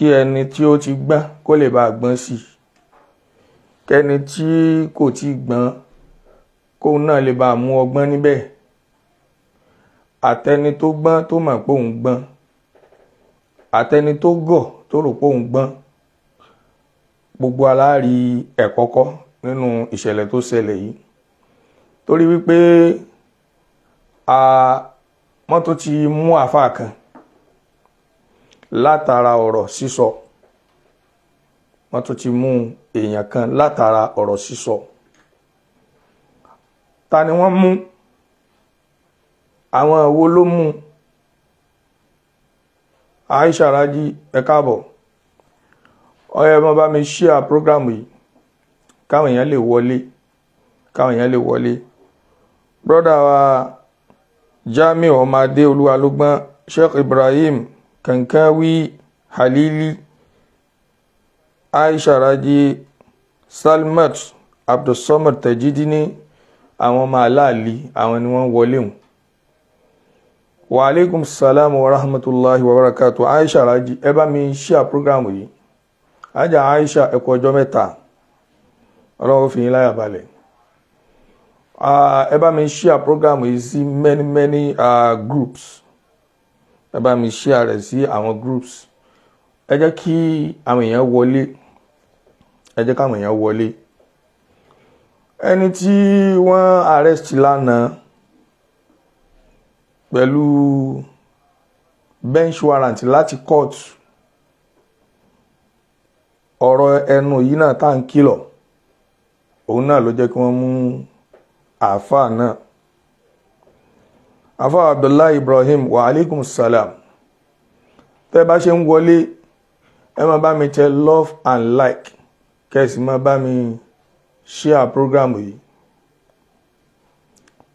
kí ẹni tí ó ti gbọ́n kó lè bá gbọ́n sí i kẹ́ni tí kò ti gbọ́n kóun náà lè bá mú ọgbọ́n níbẹ̀ àtẹni tó gbọ́n tó mọ̀ pé òun gbọ́n àtẹni tó gọ̀ tó rò pé òun gbọ́n gbogbo aláàrí ẹ̀kọ́ nínú ìṣẹ̀lẹ̀ tó ṣẹlẹ̀ yìí torí wípé mọ́tò ti mú àáfàá kan látara ọ̀rọ̀ sísọ wọ́n tún ti mú èèyàn kan látara ọ̀rọ̀ sísọ ta ni wọ́n mú àwọn wo ló mú Aisha Raji ẹ káàbọ̀ ọyọ ẹ má bá mi ṣíà program yìí káwọn èèyàn lè wọlé káwọn èèyàn lè wọlé brọ́dà wa Jamiu ọmọ adé olúwalógbọ́n Sheikh Ibrahim Kankawi, Halili, Aisha Raji, Salmat, Abdulsamad Tajidini, àwọn ọmọ aláàlí àwọn ni wọ́n wọlé hùn. Wa alaikum salam wa rahmatullahi wa barakatuh Aisha Raji ẹ bá mi ṣíà prógrámù yìí. Ajá Aisha ẹ kú ọjọ́ mẹ́ta. Ọlọ́run fi yín láyà balẹ̀ ẹ bá mi ṣíà prógrámù yìí sí many many uh, groups ẹ bá mi share rẹ̀ sí àwọn groups ẹ jẹ́ kí àwọn èèyàn wọlé ẹ jẹ́ káwọn èèyàn wọlé ẹni tí wọ́n arrest lánàá pẹ̀lú bench warrant láti court ọ̀rọ̀ ẹnu yìí náà tá à ń kìlọ̀ òun náà ló jẹ́ kí wọ́n mú àáfàá náà afa abdullahi ibrahim wa alaikum salam tẹ́ bá ṣe ń wọlé ẹ máa bá mi tẹ love and like kẹ́sì máa bá mi share program yìí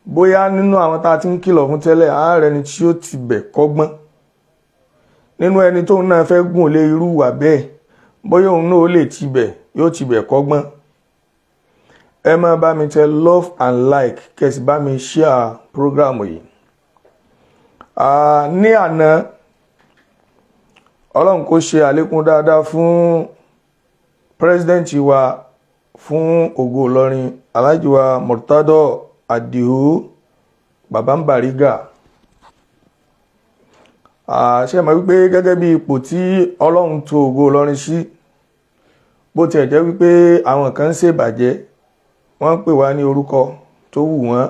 bóyá nínú àwọn tá a ti ń kìlọ̀ fún tẹ́lẹ̀ ààrẹ ni tí ó ti bẹ̀ kọ́gbọ́n nínú ẹni tóun náà fẹ́ gùn lé irú wà bẹ́ẹ̀ bóyá òun náà ó lè ti bẹ̀ yóò ti bẹ̀ kọ́gbọ́n ẹ máa bá mi tẹ love and like kẹ́sì bá mi share program yìí ní àná ọlọ́run kó ṣe àlékún dáadáa fún president wa fún ògo ìlọrin alhaji wa murtado adihu babambariga ṣe mọ̀ wípé gẹ́gẹ́ bí ipò tí ọlọ́run tò ògo ìlọrin sí bó tiẹ̀ jẹ́ wípé àwọn kan ń ṣèbàjẹ́ wọ́n ń pè wá ní orúkọ tó wù wọ́n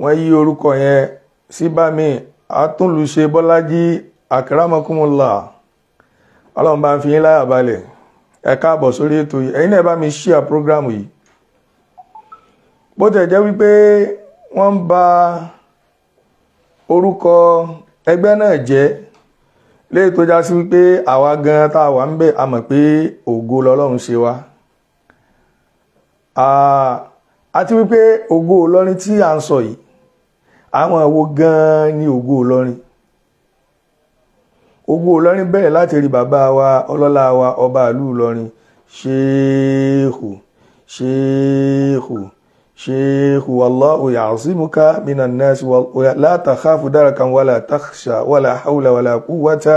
wọ́n yí orúkọ yẹn síbámi àtúnlùṣe bọ́lájí àkàràmọ́kùnmọ́lá ọlọ́run bá ń fi yín láyà balẹ̀ ẹ káàbọ̀ sórí ètò yìí ẹ̀yin náà bá mi ṣíà prógrámù yìí bó tẹ̀ jẹ́ wípé wọ́n ń ba orúkọ ẹgbẹ́ náà jẹ́ léyìí tó já sí wípé àwa gan tá a wà ń bẹ̀ a mọ̀ pé ògo lọ́lọ́run ṣe wá àti wípé ògo Ìlọrin tí à ń sọ yìí àwọn wo gan-an ni ògo Ìlọrin ògo Ìlọrin bẹ̀rẹ̀ láti rí bàbá wa ọlọ́lá wa ọba ìlú Ìlọrin ṣéèhù ṣéèhù ṣéèhù wallahu ya'simuka minan nas la takhafu darakan wala takhsha wala hawla wala quwwata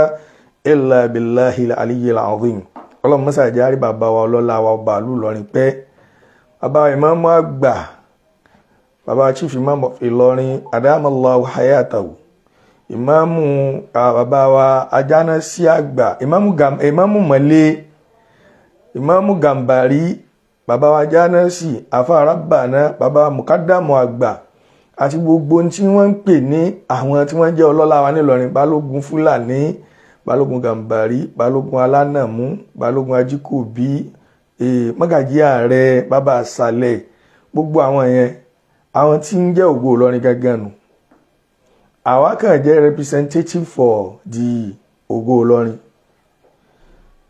illa billahi al-aliyyil azim ọlọ́run mọ́sàájá rí bàbá wa ọlọ́lá wa ọba ìlú Ìlọrin pẹ́ bàbá ìmáàmù àgbà baba chief imam of Ìlọrin adamallahu hayatahu ìmáàmù bàbá wa ajánásí àgbà ìmáàmù mọ̀lẹ́ ìmáàmù gàmbàrí bàbá wa ajánásí afárabàná bàbá mùkádàmù àgbà àti gbogbo tí wọ́n ń pè ní àwọn tí wọ́n jẹ́ ọlọ́lá wa nílọrin balógun fúlàní balógun gàmbàrí balógun alánàmú balógun ajíkòbí eh, mọ́gàjí ààrẹ bàbá àṣàlẹ̀ gbogbo àwọn yẹn àwọn tí ń jẹ́ ògo Ìlọrin gangan nù àwa kàn jẹ́ representative for the ògo Ìlọrin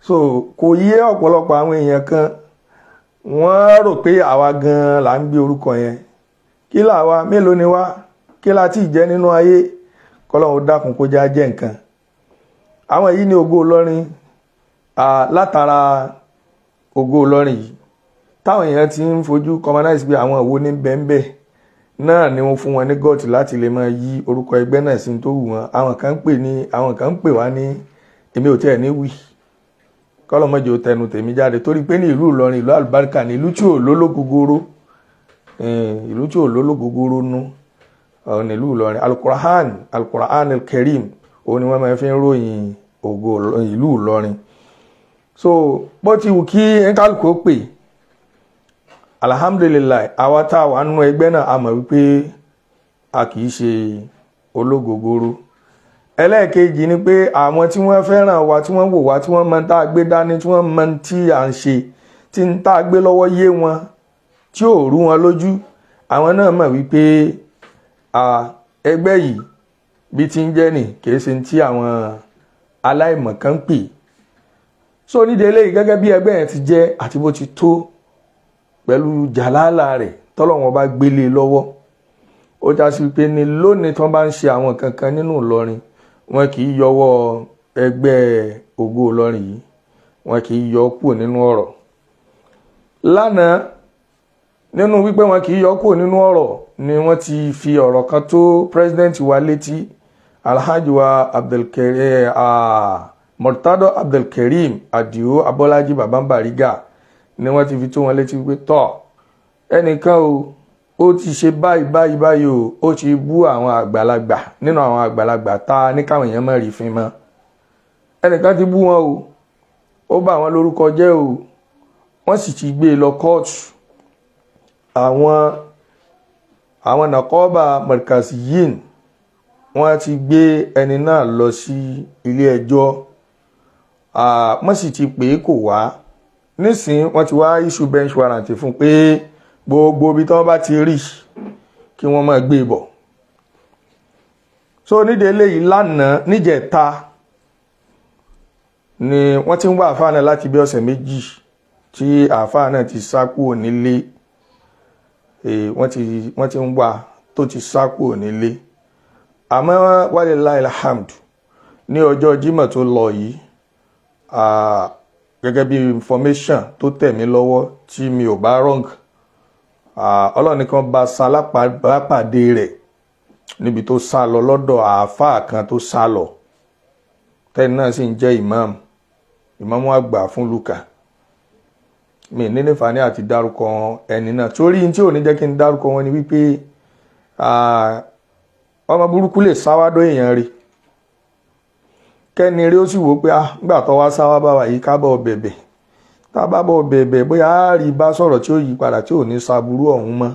so kò yé ọ̀pọ̀lọpọ̀ àwọn èèyàn kan wọ́n rò pé àwa gan là ń gbé orúkọ yẹn kí làwa mélòó ni wá kí la ti jẹ́ nínú ayé kọ́lọ́hún dákun kó já jẹ́ nǹkan àwọn yìí ni ògo Ìlọrin látara ògo Ìlọrin yìí táwọn èèyàn ti ń fojú commonize pé àwọn ìwo ní bẹ́ẹ̀ bẹ́ẹ̀ náà ni wọ́n fún wọn ní gọ́ọ̀tì láti lè máa yí orúkọ ẹgbẹ́ náà sí tó wù wọ́n àwọn kan ń pè ní àwọn kan ń pè wá ní èmi ò tiẹ̀ ní wì kọ́lọ́mọ́jọ tẹnu tèmi jáde torí pé ní ìlú Ìlọrin ìlú àlùbáríkà ní ìlú tí ò lólógogoro ìlú tí ò lólógogoro nu ọ̀hún ní ìlú Ìlọrin alukurahan alukurahan kerim òun ni wọ́n máa fi ń ròyìn ògo ìlú Ìlọrin so bó ti wù kí ẹ̀ńkálùkù ó pè é alhamdulilayi àwa tá a wà nínú ẹgbẹ́ náà a mọ̀ wípé a kì í ṣe ológogoro ẹlẹ́ẹ̀kejì ni pé àwọn tí wọ́n fẹ́ràn wa tí wọ́n wò wá tí wọ́n mọ tá a gbé dání tí wọ́n mọ tí à ń ṣe tí ń tá a gbé lọ́wọ́ yé wọn tí ò rú wọn lójú àwọn náà mọ̀ wípé ẹgbẹ́ yìí bí ti ń jẹ́ nì kì í ṣe ti àwọn aláìmọ̀kan pè so nídìí eléyìí gẹ́gẹ́ bí ẹgbẹ́ yẹn ti jẹ́ àti bó ti tó pẹ̀lú jàlálà rẹ̀ tọ́lọ́wọ́n bá gbélé e lọ́wọ́ ó já sí pé ní lónìí tí wọ́n bá ń ṣe àwọn kankan nínú Ìlọrin wọn kì í yọwọ́ ẹgbẹ́ Ògo Ìlọrin yìí wọn kì í yọ kúrò nínú ọ̀rọ̀ lánàá nínú wípé wọn kì í yọ kúrò nínú ọ̀rọ̀ ni wọ́n ti fi ọ̀rọ̀ kan tó president wa létí alhaji wa abdulkareem ah, murtado abdulkareem adio abọ́lájí babambariga. Ba ni wọ́n ti fi tó wọn létí pé tọ́ ẹnìkan o ó ti ṣe báyìí báyìí báyìí o ó ti bú àwọn àgbàlagbà nínú àwọn àgbàlagbà tá a ní káwọn èèyàn má rí fin mọ́ ẹnìkan ti bú wọn o ó bà wọn lórúkọ jẹ́ o wọ́n sì ti gbé e lọ kóòtù àwọn àwọn nàkọ́ọ̀bà mọ̀rìkàsì yìí wọ́n ti gbé ẹni náà lọ sí ilé ẹjọ́ wọ́n sì ti pè é kò wá nísìnyí wọ́n ti wá issue bench warrant fún pé gbogbo ibi tí wọ́n bá ti rí kí wọ́n máa gbé bọ̀ so nídìí eléyìí lánàá níjẹ̀ta ni wọ́n ti ń wá àfáà náà láti bí ọ̀sẹ̀ méjì tí àfáà náà ti sá kúrò nílé wọ́n ti wọ́n ti ń wá tó ti sá kúrò nílé àmọ́ wálé láìláhàmdù ní ọjọ́ Jímọ̀ tó lọ yìí gẹ́gẹ́ bí information tó tẹ̀ mí lọ́wọ́ tí mi ò bá wrong ọlọ́ọ̀ni kan bá san lápàdé rẹ̀ níbi tó sá lọ lọ́dọ̀ àáfàá kan tó sá lọ tẹ́ni náà sì ń jẹ́ imam imam àgbà fún luka mi ní nífàáni àti dárúkọ ẹni náà torí tí ò ní jẹ́ kí n dárúkọ wọn ni wípé ọmọ burúkú lè sáwádọ́ èèyàn rí kẹ́ni eré ó sì wò pé ah nígbà tó wá sáwá bá wa yìí ká bọ̀ bẹ̀bẹ̀ tá a bá bọ̀ bẹ̀bẹ̀ bóyá á rí bá sọ̀rọ̀ tí ó yí padà tí ò ní saburú ọ̀hún mọ́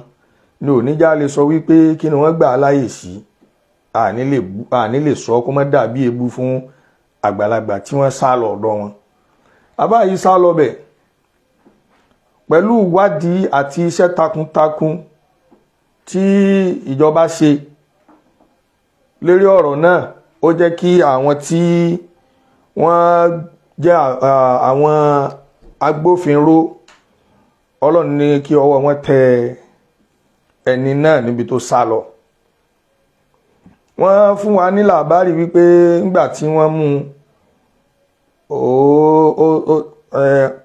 ni oníjà lè sọ wípé kí ni wọ́n gbà á láyè sí àní lè sọ kó má dàbí ebu fún àgbàlagbà tí wọ́n sá lọ ọ̀dọ̀ wọn àbá yìí sá lọ bẹ̀ pẹ̀lú ìwádìí àti iṣẹ́ takuntakun tí ìjọba ṣe lérí ọ̀rọ̀ náà ó jẹ́ kí àwọn tí wọ́n jẹ́ àwọn agbófinró ọlọ́run ní kí ọwọ́ wọn tẹ ẹni náà níbi tó sá lọ wọ́n fún wa ní làbárì wípé ńgbà tí wọ́n mú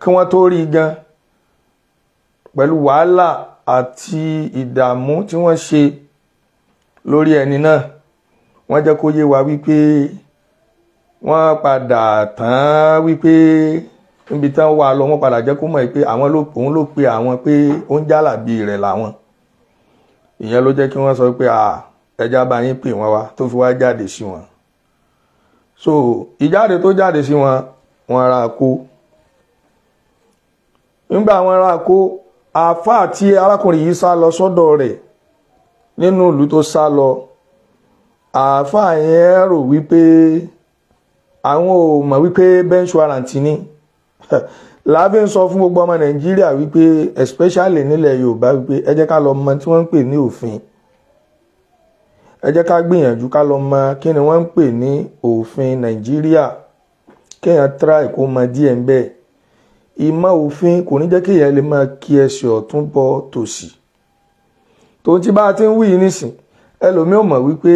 kí wọ́n tó rí gan pẹ̀lú wàhálà àti ìdààmú tí wọ́n ṣe lórí ẹni náà wọ́n jẹ́ kó yé wa wípé wọ́n padà tán wípé níbi tán wà lọ wọ́n padà jẹ́ kó mọ̀ pé àwọn ló òun ló pe àwọn pé ó ń jálàbí rẹ̀ làwọn ìyẹn ló jẹ́ kí wọ́n sọ pé ẹja bá yín pè wọ́n wá tó fi wá jáde sí wọn so ìjáde tó jáde sí wọn wọ́n ra kó nígbà wọ́n ra kó àáfàá tí arákùnrin yìí sá lọ sọ́dọ̀ rẹ̀ nínú ìlú tó sá lọ àáfàá yẹn rò wípé àwọn ò mọ̀ wípé bensuarant ni láàfin sọ fún gbogbo ọmọ nàìjíríà wípé especially nílẹ̀ yorùbá wípé ẹ jẹ́ ká lọ mọ tí wọ́n ń pè ní òfin ẹ jẹ́ ká gbìyànjú ká lọ mọ kí ni wọ́n ń pè ní òfin nàìjíríà kéèyàn try kó mọ díẹ̀ ń bẹ́ẹ̀ ìmọ̀ òfin kò ní jẹ́ kéèyàn lè máa kí ẹsẹ̀ ọ̀tún bọ tòsì tòun ti bá a ti ń wí yìí nísìn ẹlòmíì mọ̀ wípé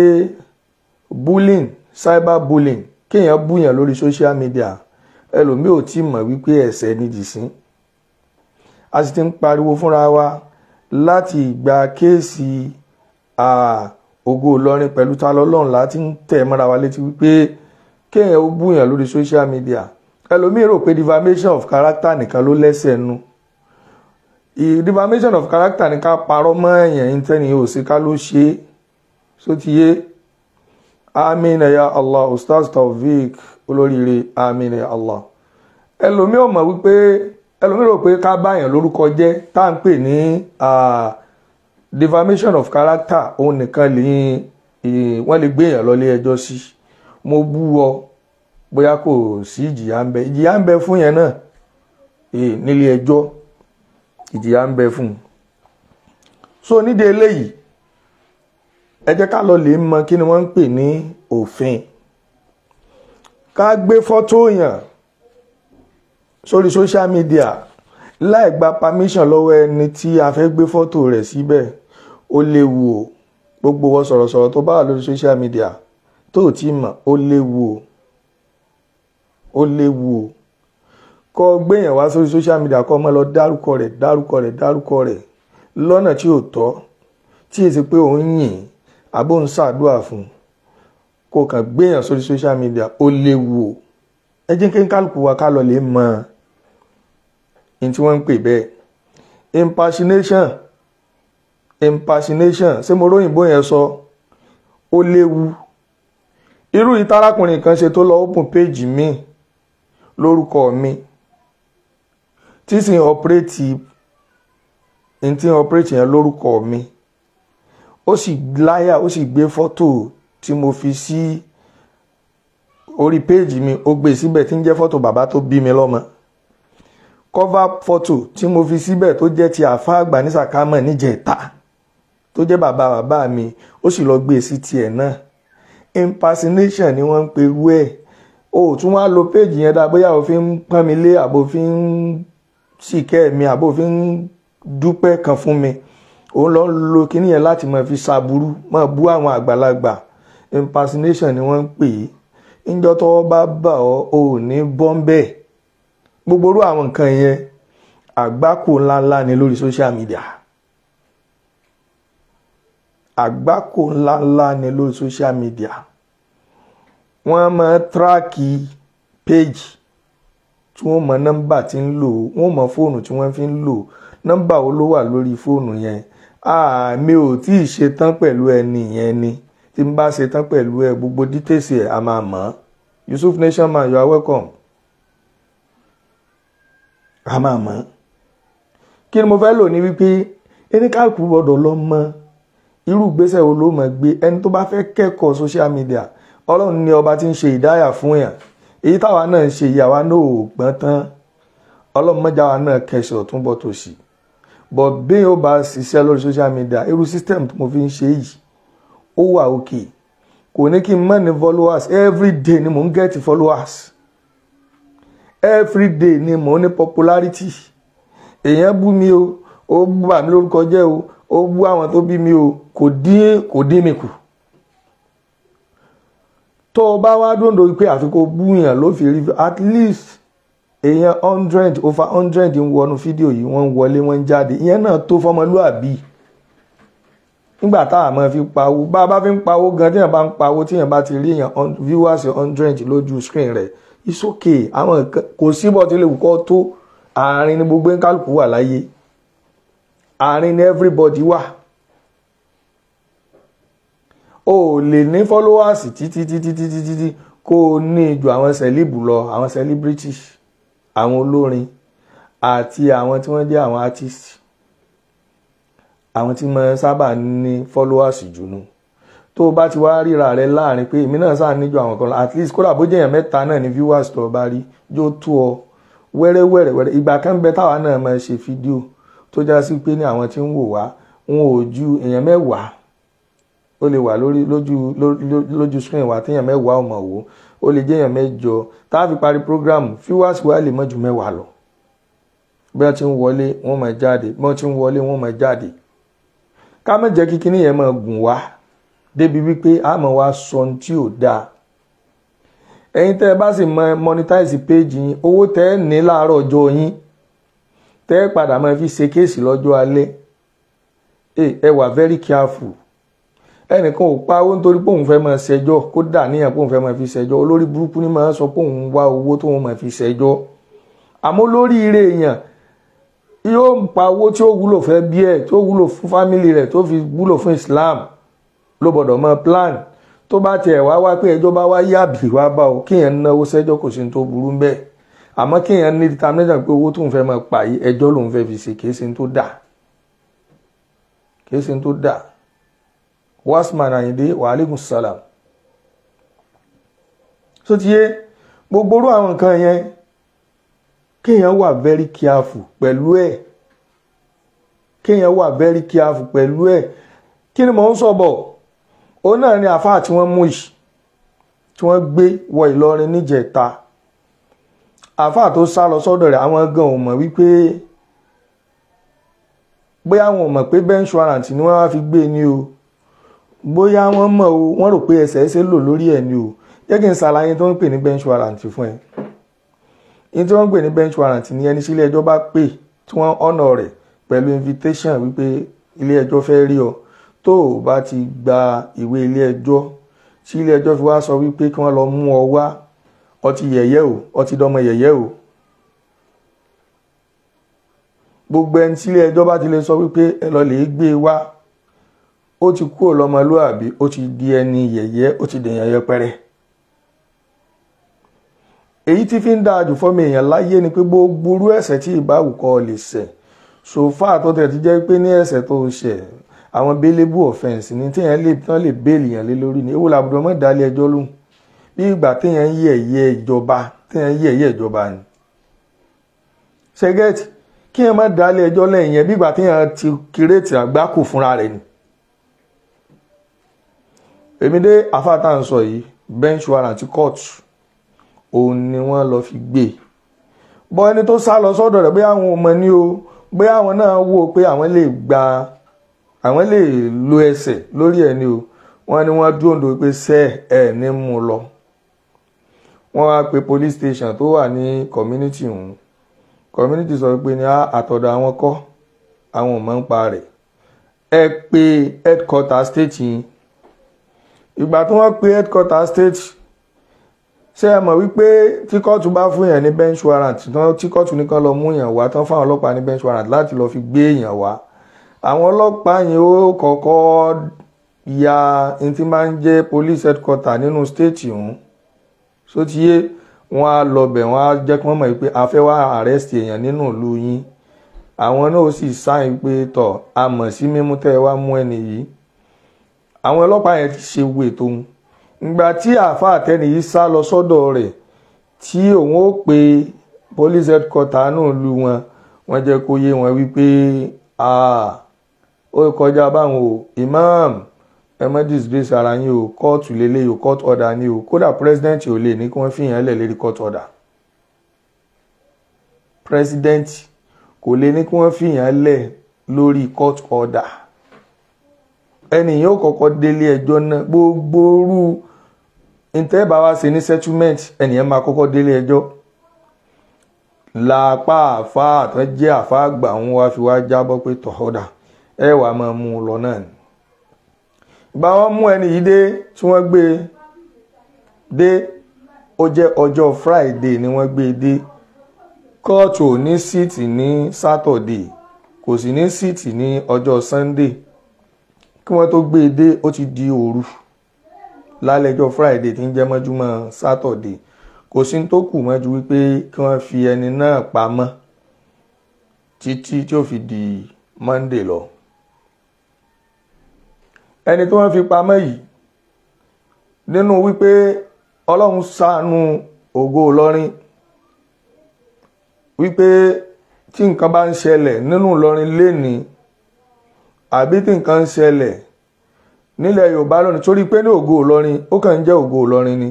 bullying cyber cyberbullying kéèyàn búyàn lórí social media ẹlòmíì ò tí mọ̀ wípé ẹ̀ṣẹ̀ nídìí sí a sì ti ń pariwo fúnra wa láti ìgbà kéèsì Ògo Ìlọrin pẹ̀lú ta lọ́lọ́run láti ń tẹ̀ mọ́ra wa létí wípé kéèyàn ó búyàn lórí social media ẹlòmíì rò pé defamation of character nìkan ló lẹ́sẹ̀ nu defamation of character nìkan parọ́ mọ́ èèyàn ìtẹ́niyàn òsínká ló ṣe é sótìyé. So amina ya allah ustaz taofik olorire amina ya allah elu ò mọ̀ wipe ẹlòmí rò pé ká báyàn lórúkọ jẹ́ tá defamation of character o nikan lèyìn wọ́n lè gbéyàn lọlé ẹjọ́ sí mo bú ọ bóyá kò sí ìjìyà ń bẹ ìjìyà ń bẹ fún yẹn náà nílé ẹjọ́ ìjìyà ń so nídìí eleyi. ẹ jẹ́ ká lọ lè mọ kí ni wọ́n ń pè ní òfin ká gbé fọ́tò yàn sórí social media láì gba permission lọ́wọ́ ẹni tí a fẹ́ gbé fọ́tò rẹ̀ síbẹ̀ ó léwu o gbogbo wọn sọ̀rọ̀sọ̀rọ̀ tó bá wà lórí social media tó ò tí mọ̀ ó léwu o ó léwu o kọ́ gbéyàn wá sórí social media kọ́ mọ́ lọ dárúkọ rẹ̀ dárúkọ rẹ̀ dárúkọ rẹ̀ lọ́nà tí ò tọ́ tí èsì pé òun yìn àbò ń ṣàdúrà fún kó kàn gbéyàn sórí social media ó léwu o ẹ jẹ́ kí n kálukú wa ká lọ lè mọ ní tí wọ́n ń pè bẹ́ẹ̀ impersonation impersonation ṣé mo ròyìnbó yẹn sọ ó léwu irú ìtarakùnrin kan ṣe tó lọ open page mi lórúkọ mi tí sì ń ọpẹ́rẹ́tì ń tí ń ọpẹ́rẹ́tì yẹn lórúkọ mi ó sì láyà ó sì gbé fọ́tò tí mo fi sí orí péèjì mi ó gbé síbẹ̀ tí ń jẹ́ fọ́tò bàbá tó bí mi lọ́mọ kọ́fà fọ́tò tí mo fi síbẹ̀ tó jẹ́ ti àfa àgbà ní sàkámọ̀ níjẹ̀ta tó jẹ́ bàbá bàbá mi ó sì lọ gbé sí tiẹ̀ náà impersonation ni wọ́n ń pe irú ẹ̀ o tún wá lo péèjì yẹn dáa bóyá o fi ń pọ́n mi lé àbò fi ń sìkẹ́ mi àbò fi ń dúpẹ́ kan fún mi òun lọ lo kíní yẹn láti máa fi ṣàbúrú máa bú àwọn àgbàlagbà impersonation ni wọ́n ń pè é ńjọ́ tọ́wọ́ bá bà ọ́ ò ní bọ́ńbẹ́ gbogbo àwọn nǹkan yẹn àgbákò ńláńlá ni lórí social media àgbákò ńláńlá ni lórí social media wọ́n máa tíráàkì péjì tí wọ́n mọ nọ́mbà tí ń lò wọ́n mọ fóònù tí wọ́n fi ń lò nọ́mbà wo ló wà lórí fóònù yẹn àmì ò tí ì ṣetán pẹ̀lú ẹni yẹn ni tí n bá ṣetán pẹ̀lú ẹ gbogbo details ẹ̀ a máa mọ̀ ọ́ Yusuf Nation man you are welcome a máa mọ̀ ọ́ kí ni mo fẹ́ lò ní wípé eníkàkú gbọ́dọ̀ lọ mọ irú ìgbésẹ̀ wo ló mọ̀ gbé ẹni tó bá fẹ́ kẹ́kọ̀ọ́ social media ọlọ́run ni ọba ti ń ṣe ìdáyà fún yàn èyí táwa náà ń ṣe ìyàwó náà ò gbọ́n tán ọlọ́run mọ́jà wa náà kẹsàn-án túnbọ̀ tòṣì but bẹ́ẹ̀ ó bá ṣiṣẹ́ lórí social media irú system tí mo fi ń ṣe yìí ó wà òkè kò ní kí n má ní followers every day ni mò ń get followers every day ni mò ń ní popularity èèyàn bú mi o ó bú àmì lórúkọ jẹ́ o ó bú àwọn tó bí mi o kò dín kò dín mi kù tó o bá wá dòndò pé àfikún búyàn ló fi rí at least èèyàn hundred over hundred ń wọnú fídíò yìí wọ́n ń wọlé wọ́n ń jáde ìyẹn náà tó fọmọlúàbí nígbà tá a máa fi pawó bá a bá fi ń pawó gan téèyàn bá ń pawó téèyàn bá ti rí èèyàn viewers hundred lójú screen rẹ̀ it's okay àwọn nǹkan kò síbọ̀ tí lè wù kọ́ tó àárín ni gbogbo kálukú wà láyé àárín ni everybody wà o lè ní followers títí títí títí títí kó o ní ju àwọn celeb lọ àwọn celebrities àwọn olórin àti àwọn tí wọ́n jẹ́ àwọn artist àwọn tí mo sábà ní followers jùlọ tó o bá ti wá ríra rẹ láàrin pé èmi náà sáà níjọ àwọn kan at least kódà bó jẹ́ èèyàn mẹ́ta náà ní viewers tó o bá rí yóò tó ọ wẹ́rẹ́wẹ́rẹ́ wẹ́rẹ́ ìgbà kan bẹ táwa náà máa ṣe fídíò tó já sí pé ní àwọn tí ń wò wá wọn ò ju èèyàn mẹ́wàá ó lè wà lójú lójú screen wa téèyàn mẹ́wàá ò mọ̀ wò ó lè jẹ́yàn mẹ́jọ tá a fi parí program fíwáàsì wa lè mọ́jú mẹ́wàá lọ bí wọ́n ti ń wọlé wọ́n máa jáde bí wọ́n ti ń wọlé wọ́n máa jáde ká má jẹ́ kí yẹn máa gùn wá débi wípé a máa wá sọ ohun tí ò dáa ẹ̀yin tẹ́ ẹ bá sì monetize page yín owó tẹ́ ẹ ní láàárọ̀ ọjọ́ yín tẹ́ ẹ padà máa fi ṣe kéèsì lọ́jọ́ alẹ́ ẹ wà very careful ẹnìkan ò pa owó nítorí pé òun fẹ́ máa ṣẹjọ́ kódà níyàn pé òun fẹ́ máa fi ṣẹjọ́ olórí burúkú ni máa ń sọ pé òun wá owó tó òun máa fi ṣẹjọ́ àmọ́ lórí ire èèyàn yóò pa owó tí ó wúlò fẹ́ bí ẹ̀ tó wúlò fún fámìlì rẹ̀ tó fi wúlò fún Islam ló gbọ́dọ̀ mọ plan tó bá tiẹ̀ wá wá pé ẹjọ́ bá wá yàbí wá bá o kéèyàn náwó ṣẹjọ́ kò sí ní tó burú ń bẹ́ẹ̀ àmọ́ kéèyàn ní determination pé owó tóun fẹ́ máa pààyè ẹjọ́ lòun fẹ́ fi ṣe kèé ṣe ní tó dáa kèé ṣe ní tó dáa wasman ayinde waaleykum salam so ti yé gbogbo orú àwọn nǹkan yẹn kéèyàn wà very careful pẹ̀lú ẹ̀ e. kéèyàn wà very careful pẹ̀lú ẹ̀ kí ni mò ń sọ òun náà ni àfáà tí wọ́n mú yìí tí wọ́n gbé wọ Ìlọrin níjẹta àfáà tó sá lọ sọ́dọ̀ rẹ̀ àwọn gan ò mọ̀ wípé bóyá àwọn ò mọ̀ pé bench warrant ni wọ́n wá fi gbé ni o bóyá wọ́n mọ̀ o wọ́n rò pé ẹsẹ̀ ẹsẹ̀ lò lórí ẹ̀ ni o jẹ́ kí n ṣàlàyé tó ń pè ní bench warrant fún ẹ ní tí wọ́n ń pè ní bench warrant ni ẹni sílé ẹjọ́ bá pè tí wọ́n ọ̀nà rẹ̀ pẹ̀lú invitation wípé ilé ẹjọ́ fẹ́ rí ọ tó o bá ti gba ìwé ilé ẹjọ́ tí ilé ẹjọ́ fi wá sọ wípé kí wọ́n lọ mú ọ wá ọ yẹ̀yẹ́ o ọ ti dọmọ yẹ̀yẹ́ o gbogbo ẹni sílé ẹjọ́ bá ti lè sọ wípé ẹ lọ lè gbé e wá ó ti kúrò lọ́mọlúàbí ó ti di ẹni yẹ̀yẹ́ ó ti dèèyàn yẹpẹrẹ èyí tí fi ń dáa jù fọ́mọ èèyàn láyé ni pé gbogbo irú ẹ̀ṣẹ̀ tí ìbáwù kọ́ lè ṣẹ̀ sòfà tó tẹ̀ ti jẹ́ pé ní ẹ̀ṣẹ̀ tó ń ṣẹ̀ àwọn bélébù ọ̀fẹ́ǹsì ni téèyàn lè tán lè béèlì yàn lé lórí ni ewu làbùdó mọ́ dálé ẹjọ́ lóhùn bí ìgbà téèyàn yí ẹ̀yẹ ìjọba téèyàn yí ẹ̀yẹ ìjọba ni. ṣẹ́gẹ́tì kí èèyàn má dálé ẹjọ́ lẹ́yìn yẹn bí ìgbà téèyàn ti kírètì àgbákò fúnra rẹ̀ ni èmi dé àfáàtà ń sọ yìí bench warrant court òun ni wọ́n lọ fi gbé bọ ẹni tó sá lọ sọ́dọ̀ rẹ̀ bóyá àwọn ọmọ ni o bóyá àwọn náà wò pé àwọn lè gba àwọn lè lo ẹsẹ̀ lórí ẹ̀ ni o wọ́n ní wọ́n dúró ndo pé sẹ ẹ ní mú lọ wọ́n wá pe police station tó wà ní community ọ̀hún community sọ pé ní àtọ̀dọ̀ àwọn kọ́ àwọn ò mọ̀ ń pa rẹ̀ ẹ pe headquarter state yìí ìgbà tí wọ́n pe headquarter state ṣé ẹ mọ̀ wípé tí kóòtù bá fún yẹn ní bench warrant tí kóòtù nìkan lọ mú yẹn wá tán fáwọn ọlọ́pàá ní bench warrant láti lọ fi gbé yẹn wá àwọn ọlọ́pàá yẹn ó kọ́kọ́ ya n tí máa ń jẹ́ police headquarter nínú state ọ̀hún sótìyé wọ́n á lọ bẹ̀ wọ́n á jẹ́ kí wọ́n mọ̀ wípé a fẹ́ wá arrest èèyàn nínú ìlú yín àwọn náà sì sáyìn pé tọ̀ a mọ̀ sí mímú tẹ́ ẹ wá mú ẹni yìí àwọn ọlọ́pàá yẹn ti ṣe wo ètò wọn ìgbà tí àáfà àtẹni yìí sá lọ sọ́dọ̀ rẹ̀ tí òun ó pe police headquarter náà lu wọn wọ́n jẹ́ kó yé wọn wípé ó kọjá báwọn o imam ẹ mọ́ disgrace ara yín o kóòtù lélẹ́yìí o court order ni o kódà president ò lè ní kí wọ́n fìyàn lẹ̀ lérí court order president kò lè ní kí wọ́n fìyàn lẹ̀ lórí court order ẹnìyàn ó kọ́kọ́ délé ẹjọ́ náà gbogbo orú ntẹ́ẹ̀bá wa ṣe ní settlement ẹnìyàn máa kọ́kọ́ délé ẹjọ́ làápá àfa àtàn jẹ́ àfa àgbà wọn wá fi wá jábọ́ pé tọ̀hódà ẹ wàá máa mú un lọ náà ni. ìgbà wọn mú ẹni yìí dé tí wọ́n gbé e dé ó jẹ́ ọjọ́ Friday ni wọ́n gbé e dé kóòtù ò ní síìtì ní sátọ̀dé kò sì ní síìtì ní ọjọ́ Sunday kí wọ́n tó gbé e dé ó ti di òru lálẹ́jọ́ friday tí ń jẹ́ mọ́júmọ́ saturday kò sí tó kù mọ́ ju wípé kí wọ́n fi ẹni náà pamọ́ títí tí ó fi di monday lọ ẹni tí wọ́n fi pamọ́ yìí nínú wípé ọlọ́run ṣàánú ògo Ìlọrin wípé tí nǹkan bá ń ṣẹlẹ̀ nínú Ìlọrin lénìí àbí tí nǹkan ń ṣẹlẹ̀ nílẹ̀ yorùbá lónìí torí pé ní ògo ìlọrin ó kàn ń jẹ́ ògo ìlọrin ni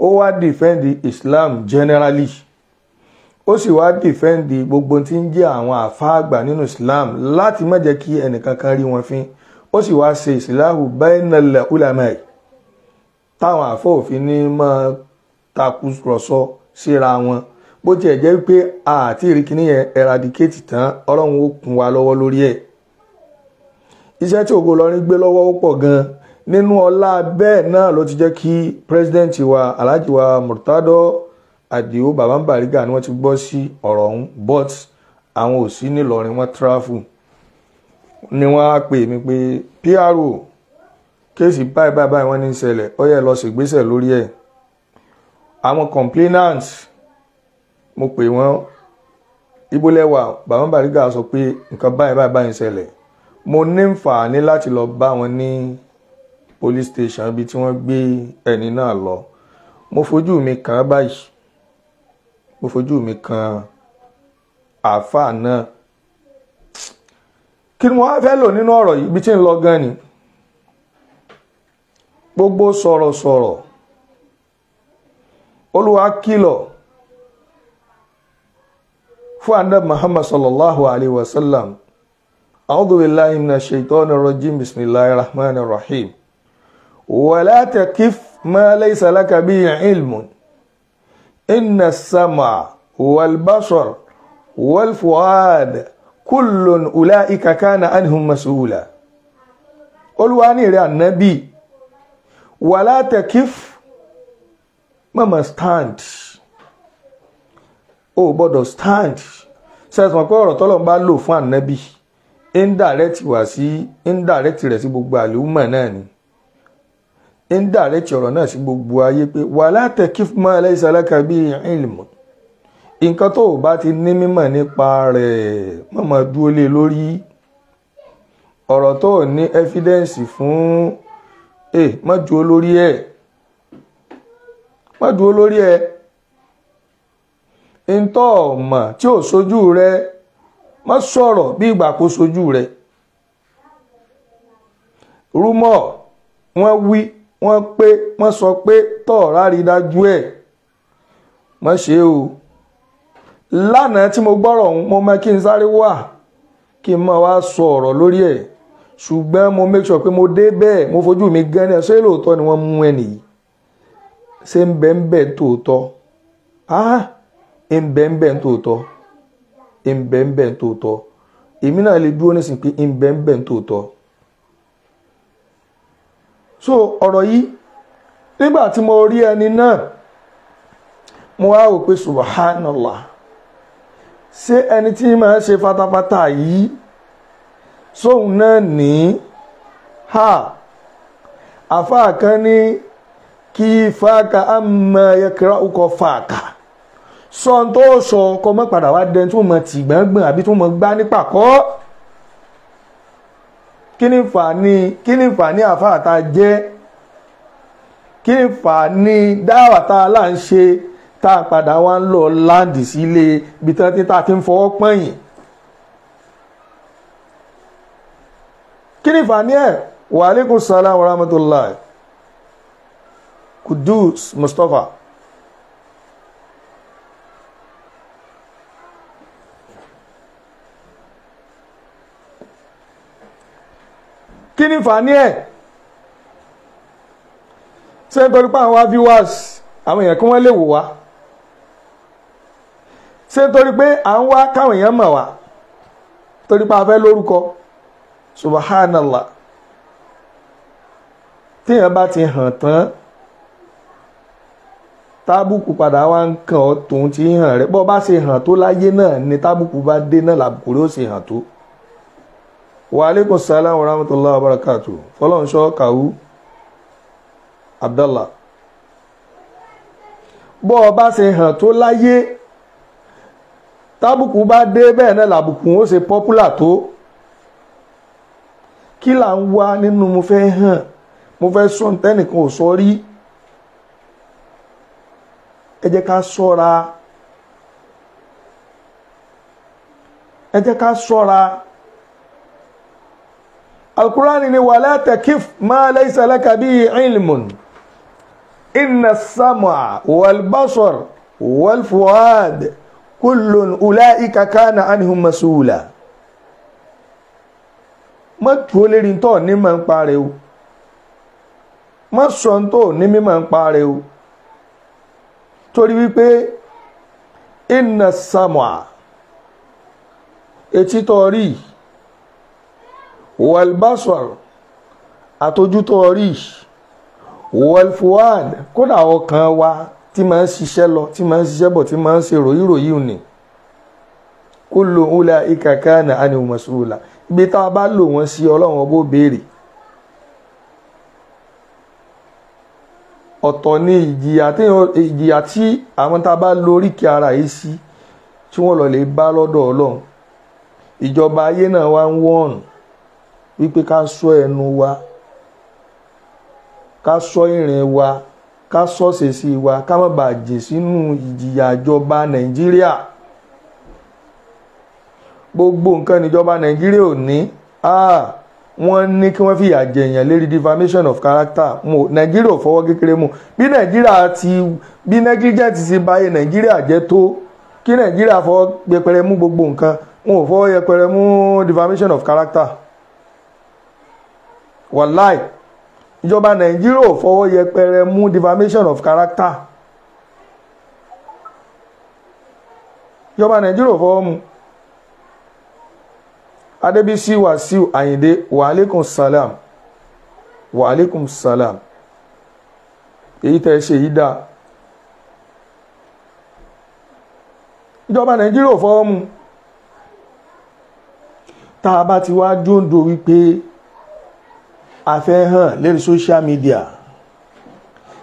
ó wá dìfẹ́ǹdì islam generally ó sì wá dìfẹ́ǹdì gbogbo tí ń jẹ́ àwọn àfáàgbà nínú islam láti má jẹ́ kí ẹnìkankan rí wọn fín ó sì wá ṣe ìsìláhù bainal ulama táwọn àfọ òfin ní máa takùrọ̀sọ síra wọn bó tiẹ̀ jẹ́ pé àti ìrìkìní eradicate tán ọlọ́run ó kún wa lọ́wọ́ lórí ẹ̀ iṣẹ́ tí Ògo Ìlọrin gbé lọ́wọ́ ó pọ̀ gan-an nínú ọlá bẹ́ẹ̀ náà ló ti jẹ́ kí president wa alhaji wa Murtado Adio Baba Bariga ni wọ́n ti gbọ́ sí ọ̀rọ̀ ọ̀hún but àwọn ò sí nílọrin wọ́n travel ni wọ́n á pè mí pé PRO kéèsì báyìí báyìí báyìí wọ́n ní í ṣẹlẹ̀ ó yẹ lọ ṣègbésẹ̀ lórí ẹ̀ àwọn complainants mo pè wọ́n ibo lẹ́wà Baba sọ pé nǹkan báyìí báyìí báyìí ń mo ní nfààní láti lọ bá wọn ní police station ibi tí wọ́n gbé ẹni náà lọ mo fojú mi kàn báyìí mo fojú mi kàn àáfàá náà kí ni mo wá fẹ́ lò nínú ọ̀rọ̀ yìí ibi tí ń lọ gan ni gbogbo sọ̀rọ̀sọ̀rọ̀ olúwa kìlọ̀ fún ànábì Muhammad sallallahu alaihi wa sallam أعوذ بالله من الشيطان الرجيم بسم الله الرحمن الرحيم ولا تكف ما ليس لك به علم إن السمع والبصر والفؤاد كل أولئك كان عنهم مسؤولا olùwàní rẹ̀ ànábì wàlá ولا تكف ما o gbọ́dọ̀ stand ṣe é sọ pé ọ̀rọ̀ tọ́lọ̀ ń bá indirect wá sí indirect rẹ̀ sí gbogbo àlùmọ̀ náà ni indirect ọ̀rọ̀ náà sí gbogbo ayé pé wala takif ma laysa laka bi ilm nǹkan tó o bá ti ní mímọ̀ nípa rẹ̀ má mà dúró lé lórí ọ̀rọ̀ tó o evidence fún ẹ eh, má dúró lórí ẹ̀ má dúró lórí ẹ̀ ntọ́ ọ̀mọ̀ tí ò sojú rẹ̀ má sọ̀rọ̀ bí ìgbà kó sojú rẹ̀ rúmọ̀ wọ́n wí wọ́n pé wọ́n sọ pé tọ̀ọ̀rá rí dájú ẹ̀ má ṣe o lánàá tí mo gbọ́rọ̀ ọ̀hún mo máa kí n sáré wà kí n máa wá sọ ọ̀rọ̀ lórí ẹ̀ ṣùgbọ́n mo make sure pé mo dé bẹ́ẹ̀ mo fojú mi gan náà ṣé lóòótọ́ ni wọ́n mú ẹ nìyí ṣé ń bẹ́ẹ̀ ń bẹ́ẹ̀ tòótọ́ ah ń bẹ́ẹ̀ ń bẹ́ẹ̀ tòótọ́ ìbẹ̀ǹbẹ̀ tó tọ́ èmi náà lè dúró nísìnyí pé ìbẹ̀ǹbẹ̀ tó so ọ̀rọ̀ yìí nígbà tí mo rí ẹni náà mo wá wò pé subhanallah ṣé ẹni tí máa ṣe fatafata yìí sóun náà ní ha àfáà kan ní kí fáka amma yakra ukọ fáka sọ tó sọ kọ mọ́ padà wá dẹni tó mọ tì gbọ̀ngbọ̀n àbí tó mọ gbá nípa kọ́ kí ni fà ní kí ni fà ní àfáà tá a kí ni fà ní dáwà tá a là ń ṣe tá a padà wá ń lọ láǹdì sílé ibi tán tí tá a ti ń fọwọ́ pọ̀yìn kí ni fà ní ẹ̀ wa alaikum salaam wa rahmatullah Kudus Mustapha. kí ni fàání ẹ̀ ṣé nítorí pé àwọn viewers àwọn èèyàn kí wọ́n lè wò wá ṣé nítorí pé à ń wá káwọn èèyàn mọ̀ wá torí pé a fẹ́ lórúkọ subhanallah téèyàn bá ti hàn tán tábùkù padà wá ń kàn ọ́ tòun ti hàn rẹ̀ bọ́ bá ṣe hàn tó láyé náà ni tábùkù bá dé náà làbùkù ló ṣe hàn tó wa aleykum salaam wa rahmatulah wa barakatu fọlọ́nṣọ́ kàwú abdallah bọ́ ọ bá ṣe hàn tó láyé tábùkù bá dé bẹ́ẹ̀ náà làbùkù ó ṣe popular tó kí là ń wá nínú mo fẹ́ hàn mo fẹ́ sọ tẹ́nìkan ò sọ rí ẹ jẹ́ ká ṣọ́ra ẹ jẹ́ ká ṣọ́ra alukurani ni wàlá takif ma laysa laka bihi ilmun inna sam'a wal basar wal fuad kullun ulaika kana anhum masula má tuo lérí ntọ́ ní máa ń parẹ́ o má sọ ntọ́ ní mi máa ń parẹ́ o torí wípé inna sam'a etí tọ́ rí yìí wọlbáswar àtojútó orí wọlfuad kódà ọkàn wa tí máa ń ṣiṣẹ́ lọ tí máa ń ṣiṣẹ́ bọ̀ tí máa ń ṣe ròyìnròyìn ni kullu ulaika kana anhu mas'ula ibi tá a bá lò wọ́n sí ọlọ́run ọbọ̀ béèrè ọ̀tọ̀ ni ìjìyà tí àwọn tá a bá lórí kí ara yìí sí tí wọ́n lọ lè bá lọ́dọ̀ ọlọ́run ìjọba ayé náà wá ń wọ́ọ̀nù wípé ká ṣọ́ ẹnu wa ká ṣọ́ ìrìn wa ká ṣọ́ ṣèṣì wa ká má bàa jè sínú ìjìyà ìjọba nàìjíríà gbogbo nǹkan níjọba nàìjíríà ò ní wọ́n ní kí wọ́n fìyà jẹ̀yàn lérí defamation of character mo nàìjíríà ò fọwọ́ kékeré mu bí nàìjíríà ti bí negligent ti báyé nàìjíríà jẹ́ tó kí nàìjíríà fọwọ́ yẹpẹrẹ mú gbogbo nǹkan wọn ò fọwọ́ yẹpẹrẹ mú defamation of character wàláì ìjọba nàìjíríà ò fọwọ́ yẹpẹrẹ mú defamation of character ìjọba nàìjíríà ò fọwọ́ mu adébísí wàsíù àyìndé wàhálẹ́kùn salam wàhálẹ́kùn salam èyí tẹ́ ṣe yìí dáa ìjọba nàìjíríà ò fọwọ́ mu tá a bá ti wá dúndò wípé afẹ́ hàn lérí social media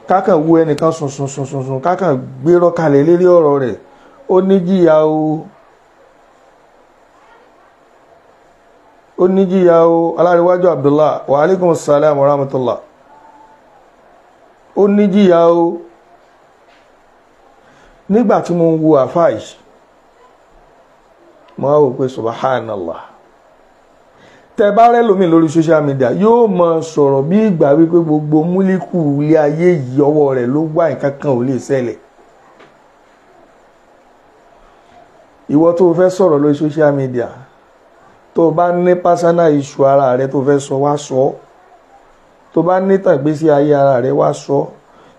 kákan wo ẹnìkan sùn sùn sùn sùn sùn kákan gbérọ́ kalẹ̀ lérí ọ̀rọ̀ rẹ̀ ó níjìyà o ó níjìyà o aláríwájú abdullah wa alaikum salam wa rahmatullah ó níjìyà o nígbà tí mo ń wo àfáà yìí mo wá wò pé subhanallah tẹ bá rẹ lómi lórí social media yóò mọ sọ̀rọ̀ bí ìgbà wípé gbogbo múlíkù ilé ayé yìí ọwọ́ rẹ̀ ló wà nǹkan kan ò lè ṣẹlẹ̀ ìwọ tó fẹ́ sọ̀rọ̀ lórí social media tó bá ní personal issue ara rẹ tó fẹ́ sọ wá sọ tó bá ní tàgbésí ayé ara rẹ wá sọ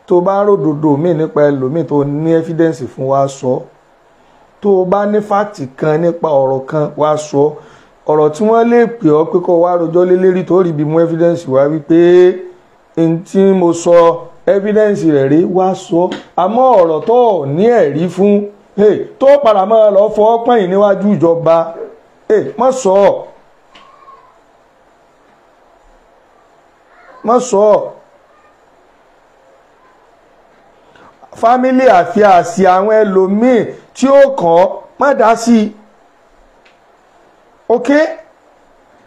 tó bá ròdòdò míì nípa ẹlòmíì tó ní evidence fún wá sọ tó bá ní fáàtì kan nípa ọ̀rọ̀ kan wá sọ ọ̀rọ̀ tí wọ́n lè pè ọ́ pé kọ́ wá rojọ́ lé lérí tó rí bí mú evidence wá wípé n tí mo sọ evidence rẹ̀ rí wá sọ àmọ́ ọ̀rọ̀ tó ní ẹ̀rí fún tó padà máa lọ fọ́ pẹ́yìn níwájú ìjọba má sọ ọ́ má sọ ọ́ fámílì àti àsì àwọn ẹlòmíì tí ó kàn má dá sí i. oke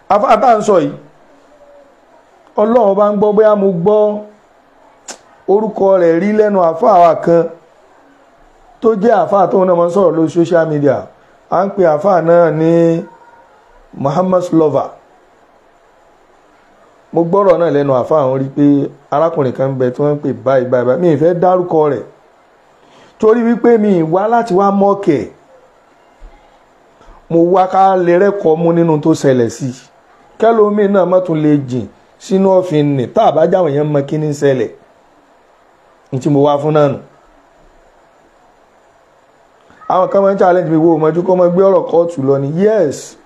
afáàtà ń sọ yìí ọlọ́run bá ń gbọ́ bóyá mo gbọ́ orúkọ rẹ̀ rí lẹ́nu kan tó jẹ́ àfáà tóun ń sọ̀rọ̀ lórí social media à ń pe àfáà náà ní Muhammad Slover mo gbọ́rọ̀ náà lẹ́nu àfáà wọn rí pé arákùnrin kan ń bẹ tí wọ́n ń pè báyìí mi ì fẹ́ dárúkọ rẹ̀ torí wípé mi ì wá láti wá mo wá ká lè rẹ́kọ̀ọ́ mú nínú tó ṣẹlẹ̀ sí i kẹlòmíín náà má tún lè jìn sínú ọ̀fìn nì tá a bá jáwọ̀ yẹn mọ kí ṣẹlẹ̀ ní tí mo wá fún náà nù. àwọn kan máa ń challenge mi wo ìmọ̀jú kọ́ máa gbé ọ̀rọ̀ kóòtù lọ ni yes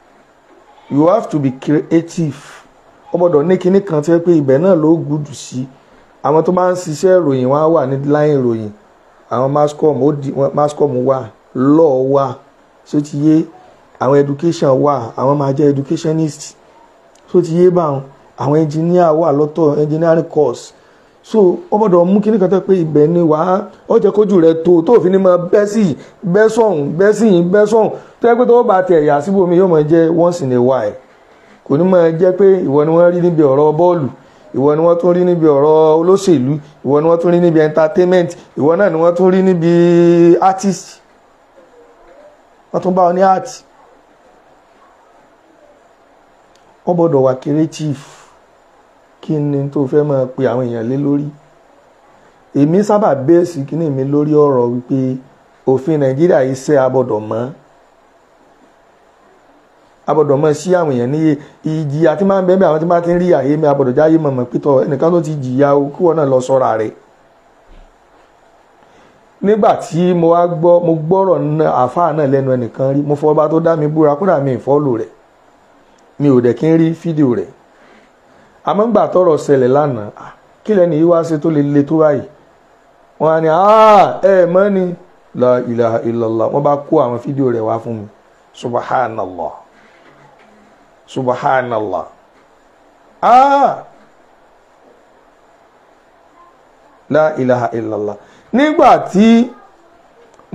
you have to be creative ó gbọ́dọ̀ ní kinní kan tí wọ́n pé ibẹ̀ náà ló gùdù sí àwọn tó máa ń ṣiṣẹ́ ìròyìn wọn á wà ní láyìn ìròyìn àwọn mascom ó di mascom wà lọ́ọ̀ wà sótìyé. So àwọn education wà àwọn máa jẹ́ educationist so ti yé báwọn àwọn engineer wà lọ́tọ̀ engineering course so ó gbọ́dọ̀ mú kí nìkan tó pé ibẹ̀ ni wàá ó jẹ́ kójú rẹ tó tó fi ni máa bẹ́ sí bẹ́ sọ̀hún bẹ́ sí yìí bẹ́ sọ̀hún tó yẹ pé tó bá tẹ̀ yà síbòmí yóò máa jẹ́ once in a while kò ní máa jẹ́ pé ìwọ ni wọ́n rí níbi ọ̀rọ̀ bọ́ọ̀lù ìwọ ni wọ́n tún rí níbi ọ̀rọ̀ olóṣèlú ìwọ ni wọ́n tún rí níbi entertainment ìwọ náà ni wọ́n tún rí níbi artist wọ́n tún bá ọ ní art wọ́n gbọ́dọ̀ wà creative kí ni tó fẹ́ máa pe àwọn èèyàn lé lórí èmi sábà bẹ́ẹ̀sì kíní mi lórí ọ̀rọ̀ wípé òfin nàìjíríà iṣẹ́ abọ́dọ̀ mọ́ abọ́dọ̀ mọ́ sí àwọn èèyàn níye ìjìyà tí máa ń bẹ́ẹ̀ àwọn tí máa ti ń rí àyè mi abọ́dọ̀ jáyé mọ̀mọ́ pétọ́ ẹnìkan tó ti jìyà o kí wọ́n náà lọ sọ́ra rẹ̀ nígbà tí mo gbọ́rọ̀ àfáà náà lẹ́nu ẹnìkan rí mo fọ́ ọba tó dá mi búra kódà mi ìfọ́lù rẹ̀ mi ò dẹ̀ kí n rí fídíò rẹ̀ àmọ́ ńgbà tọ́rọ̀ ṣẹlẹ̀ lánàá kí lẹ́nu yìí wá ṣe tó lè le tó báyìí wọ́n á ní ẹ mọ́ ni la ilaha illallah wọ́n bá kó àwọn fídíò rẹ̀ wá fún mi subhanallah subhanallah ah la ilaha illallah nígbà tí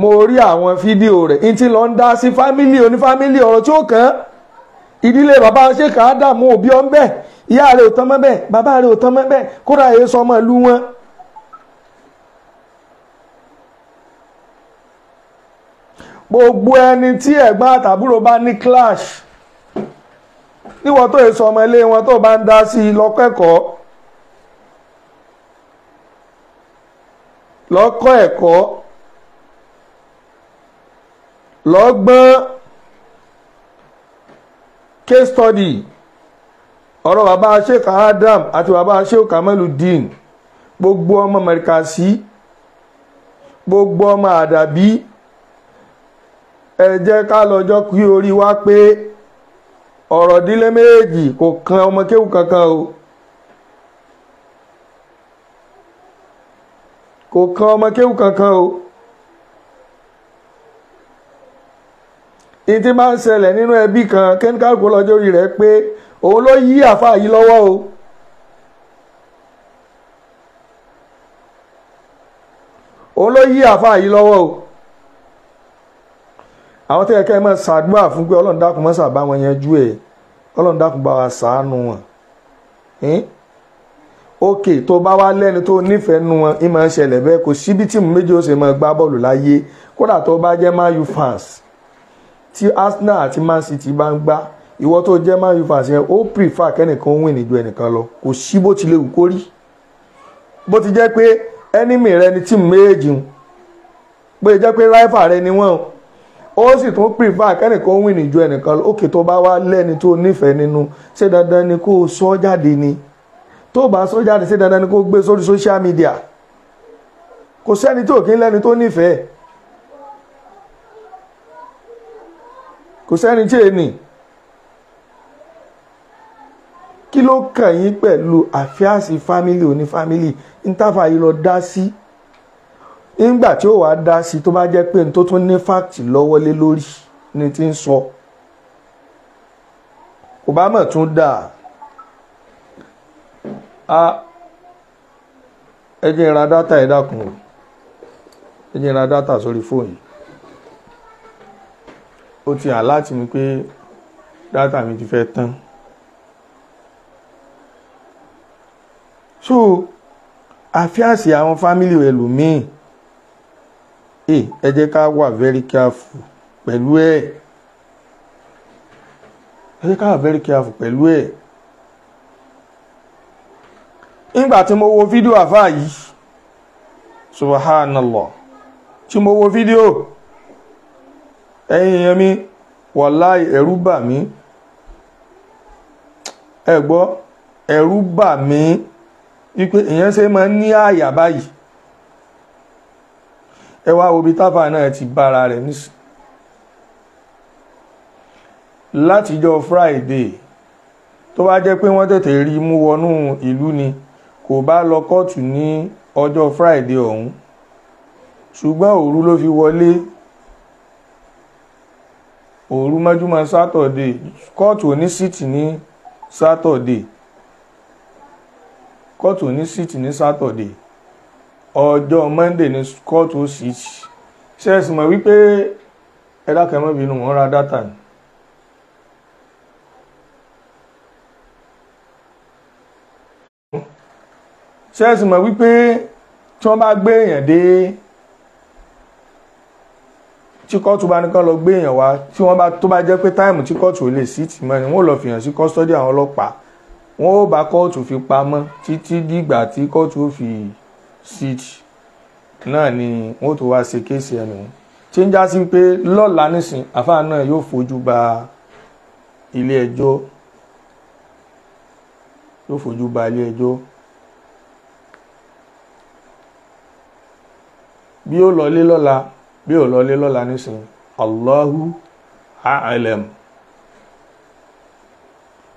mo rí àwọn fídíò rẹ̀ n ti lọ ń dá sí fámílì onífámílì ọ̀rọ̀ tí ó kàn án ìdílé bàbá ṣèkà ádámù òbí ọ̀ ń bẹ̀ ìyá rẹ̀ ò tán mọ́ bẹ́ẹ̀ bàbá rẹ̀ ò tán mọ́ bẹ́ẹ̀ kódà èyí sọ ọmọ ìlú wọn. gbogbo ẹni tí ẹ̀gbọ́n àtàbúrò bá ní clash níwọ̀n tó èso ọmọ ilé wọn tó bá ń dá sí i lọ́kẹ́kọ̀ọ́ lọ́kọ́ ẹ̀kọ́ lọ́gbọ́n case study ọ̀rọ̀ bàbá sheikh adam àti bàbá sheikh kamaludin gbogbo ọmọ mẹ̀ríkàsí gbogbo ọmọ àdàbí ẹ jẹ́ ká lọ́jọ́ kí orí wa pé ọ̀rọ̀ dílé méjì kò kan ọmọ kéwù kankan o kò kan ọmọ kéwù kankan o. ní tí máa ń ṣẹlẹ̀ nínú ẹbí kan kẹ́ńkàkó lọ́jọ́ orí rẹ̀ pé òun ló yí àfa yìí lọ́wọ́ o. òun ló yí àfa yìí lọ́wọ́ o. àwọn tẹ́lẹ̀ kẹ́ ẹ máa ṣàdúrà fún pé ọlọ́run dákun má ṣàbá wọn yanjú ẹ̀ ọlọ́run dákun bá wa ṣàánú wọn. ok tó bá wá lẹ́ni tó nífẹ̀ẹ́ nu wọn ìmọ̀ ṣẹlẹ̀ bẹ́ẹ̀ kò síbi tí mo méjì ó ṣe máa gbá bọ́ọ̀lù láyé kódà tó bá jẹ́ Man fans tí Arsenal àti Man City bá ń gbá ìwọ tó jẹ́ Man U fans yẹn ó prefer kẹ́nìkan win ní ju ẹnìkan lọ kò sí bó ti lè wù kó rí bó ti jẹ́ pé enemy rẹ ni tíìmù méjèèjì ń bó ti jẹ́ pé rival rẹ ni wọ́n ó sì tún prefer kẹ́nìkan win ní ju ẹnìkan lọ òkè tó bá wá lẹ́ni tó nífẹ̀ẹ́ nínú ṣé dandan ni kó o sọ jáde ni tó o bá sọ jáde ṣé dandan ni kó o gbé sórí social media kò sẹ́ni tó kí ń lẹ́ni tó nífẹ̀ẹ́ kò sẹ́ni tí èèní kí ló kàn yín pẹ̀lú àfíàsì fámílì òní fámílì ntàfà yìí lọ dá sí nígbà tí ó wàá dá sí tó bá jẹ́ pé n tó tún ní fáàkì lọ́wọ́ lé lórí ni ti ń sọ kò bá mọ̀ tún dà á ẹ jẹ́ ìra dátà ẹ dákun ẹ jẹ́ ìra dátà sórí fóònù ó ti hàn láti mi pé dátà mi ti fẹ́ tán so àfíàsì àwọn fámìlì ẹlòmíì ẹ ẹ jẹ́ ká wà very careful pẹ̀lú ẹ̀ ẹ jẹ́ ká wà very careful pẹ̀lú ẹ̀ nígbà tí mo wo fídíò àfáà yìí subhanallah tí mo wo fídíò ẹ̀yin èèyàn mi wàláì ẹ̀rú bà mí ẹ gbọ́ ẹ̀rú bà mí wípé èèyàn ṣe máa ń ní àyà báyìí ẹ wá wo bí táfà náà ti bára rẹ̀ nísìn látijọ́ Friday tó bá jẹ́ pé wọ́n tètè rí mú wọnú ìlú ni kò bá lọ kóòtù ní ọjọ́ Friday ọ̀hún ṣùgbọ́n òru ló fi wọlé òru mọ́júmọ́ sátọ̀dé kóòtù onisiti ní sátọ̀dé kóòtù òní ní sátọ̀dé ọjọ́ monday ní kóòtù síìtì ṣe é sì mọ̀ wípé wọn ra dátà tí kóòtù bá nìkan lọ gbé èèyàn wá tí wọ́n bá tó bá jẹ́ pé táìmù tí kóòtù ò lè sí tì mọ́ ni wọ́n lọ fìyàn sí kọ́sítọ́dì àwọn ọlọ́pàá wọ́n ó bá kóòtù fi pamọ́ títí dìgbà tí kóòtù ó fi sí náà ni wọ́n tó wá ṣe kéèsì ẹnu tí ń já sí pé lọ́la nísìn àfáà náà yóò fojú ba ilé yóò fojú ba ilé bí ó lọ lé lọ́la. bí ò lọlé lọ́la nísìn Allahu a'lam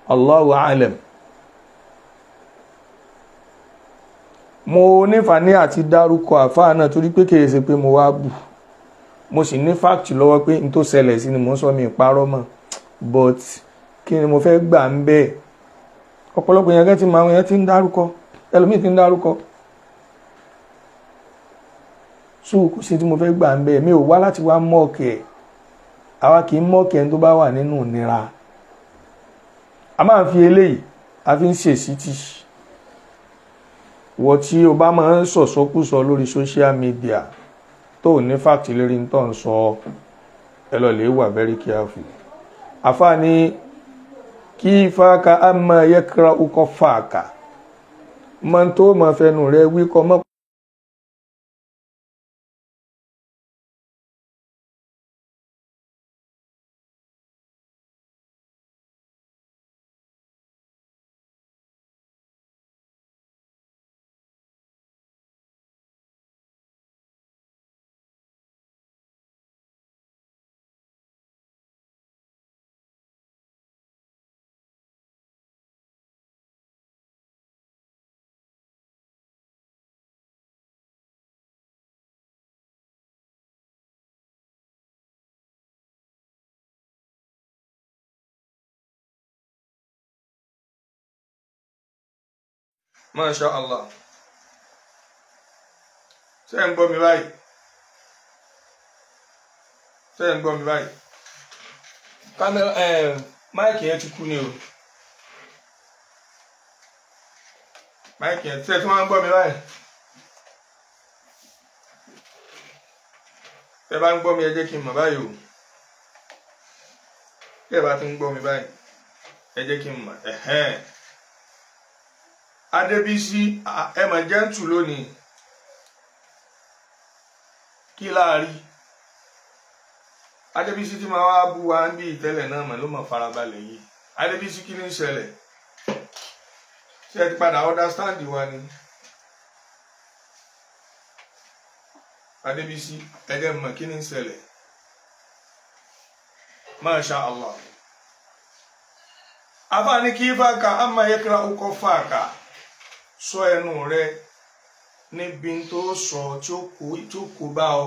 Allahu mo nífàní àti dárúkọ àfáà náà torí pé pé mo wá bù mo sì ní fáàkì lọ́wọ́ pé n tó sẹlẹ̀ sí ni mo ń sọ mi ìparọ́ mọ̀ but kí ni mo fẹ́ gbà ń bẹ́ẹ̀ ọ̀pọ̀lọpọ̀ yẹn ti máa yẹn ti ń dárúkọ so kò sí tí mo fẹ́ gbà ń bẹ́ẹ̀ mi ò wá láti wá mọ́ọ̀kì ẹ̀ àwa kì í mọ́ọ̀kì ẹni tó bá wà nínú ìnira a máa fi eléyìí a fi ń ṣèṣítì wọ́n tí o bá máa ń sọ̀sọ́kùsọ lórí social media tó ní fáàkì lérí ń tàn sọ ẹ lọ lè wà very careful àfààní kí fáàkà á máa yẹ kíra ukọ fáàkà mọ tó máa fẹnu rẹ wí kọ mọ́. masha allah ṣé ń gbọ́ mi báyìí ṣé ń gbọ́ mi báyìí kámẹ́rà máìkì yẹn ti kú ni o máìkì yẹn ṣé tí wọ́n ń gbọ́ mi báyìí ṣé bá ń gbọ́ mi ẹ jẹ́ kí n mọ̀ báyìí o ṣé bá ti ń gbọ́ mi báyìí ẹ jẹ́ kí n mọ̀ ẹ̀hẹ́n adébísí ẹmọ̀jẹ́ntù lónìí kí láàrí adébísí tí máa wá bú wa ń bí ìtẹ́lẹ̀ náà mọ̀ ló mọ̀ farabalẹ̀ yìí adébísí kí ní ń ṣẹlẹ̀ ṣe ti padà understand wa ni adébísí ẹ̀jẹ̀ mọ̀ kí ní ń ṣẹlẹ̀ masha allah afa kí ifá ka ama yẹ kíra ọkọ̀ fáàkà. sọ ẹnu rẹ níbi tó sọ tí ó kó bá ọ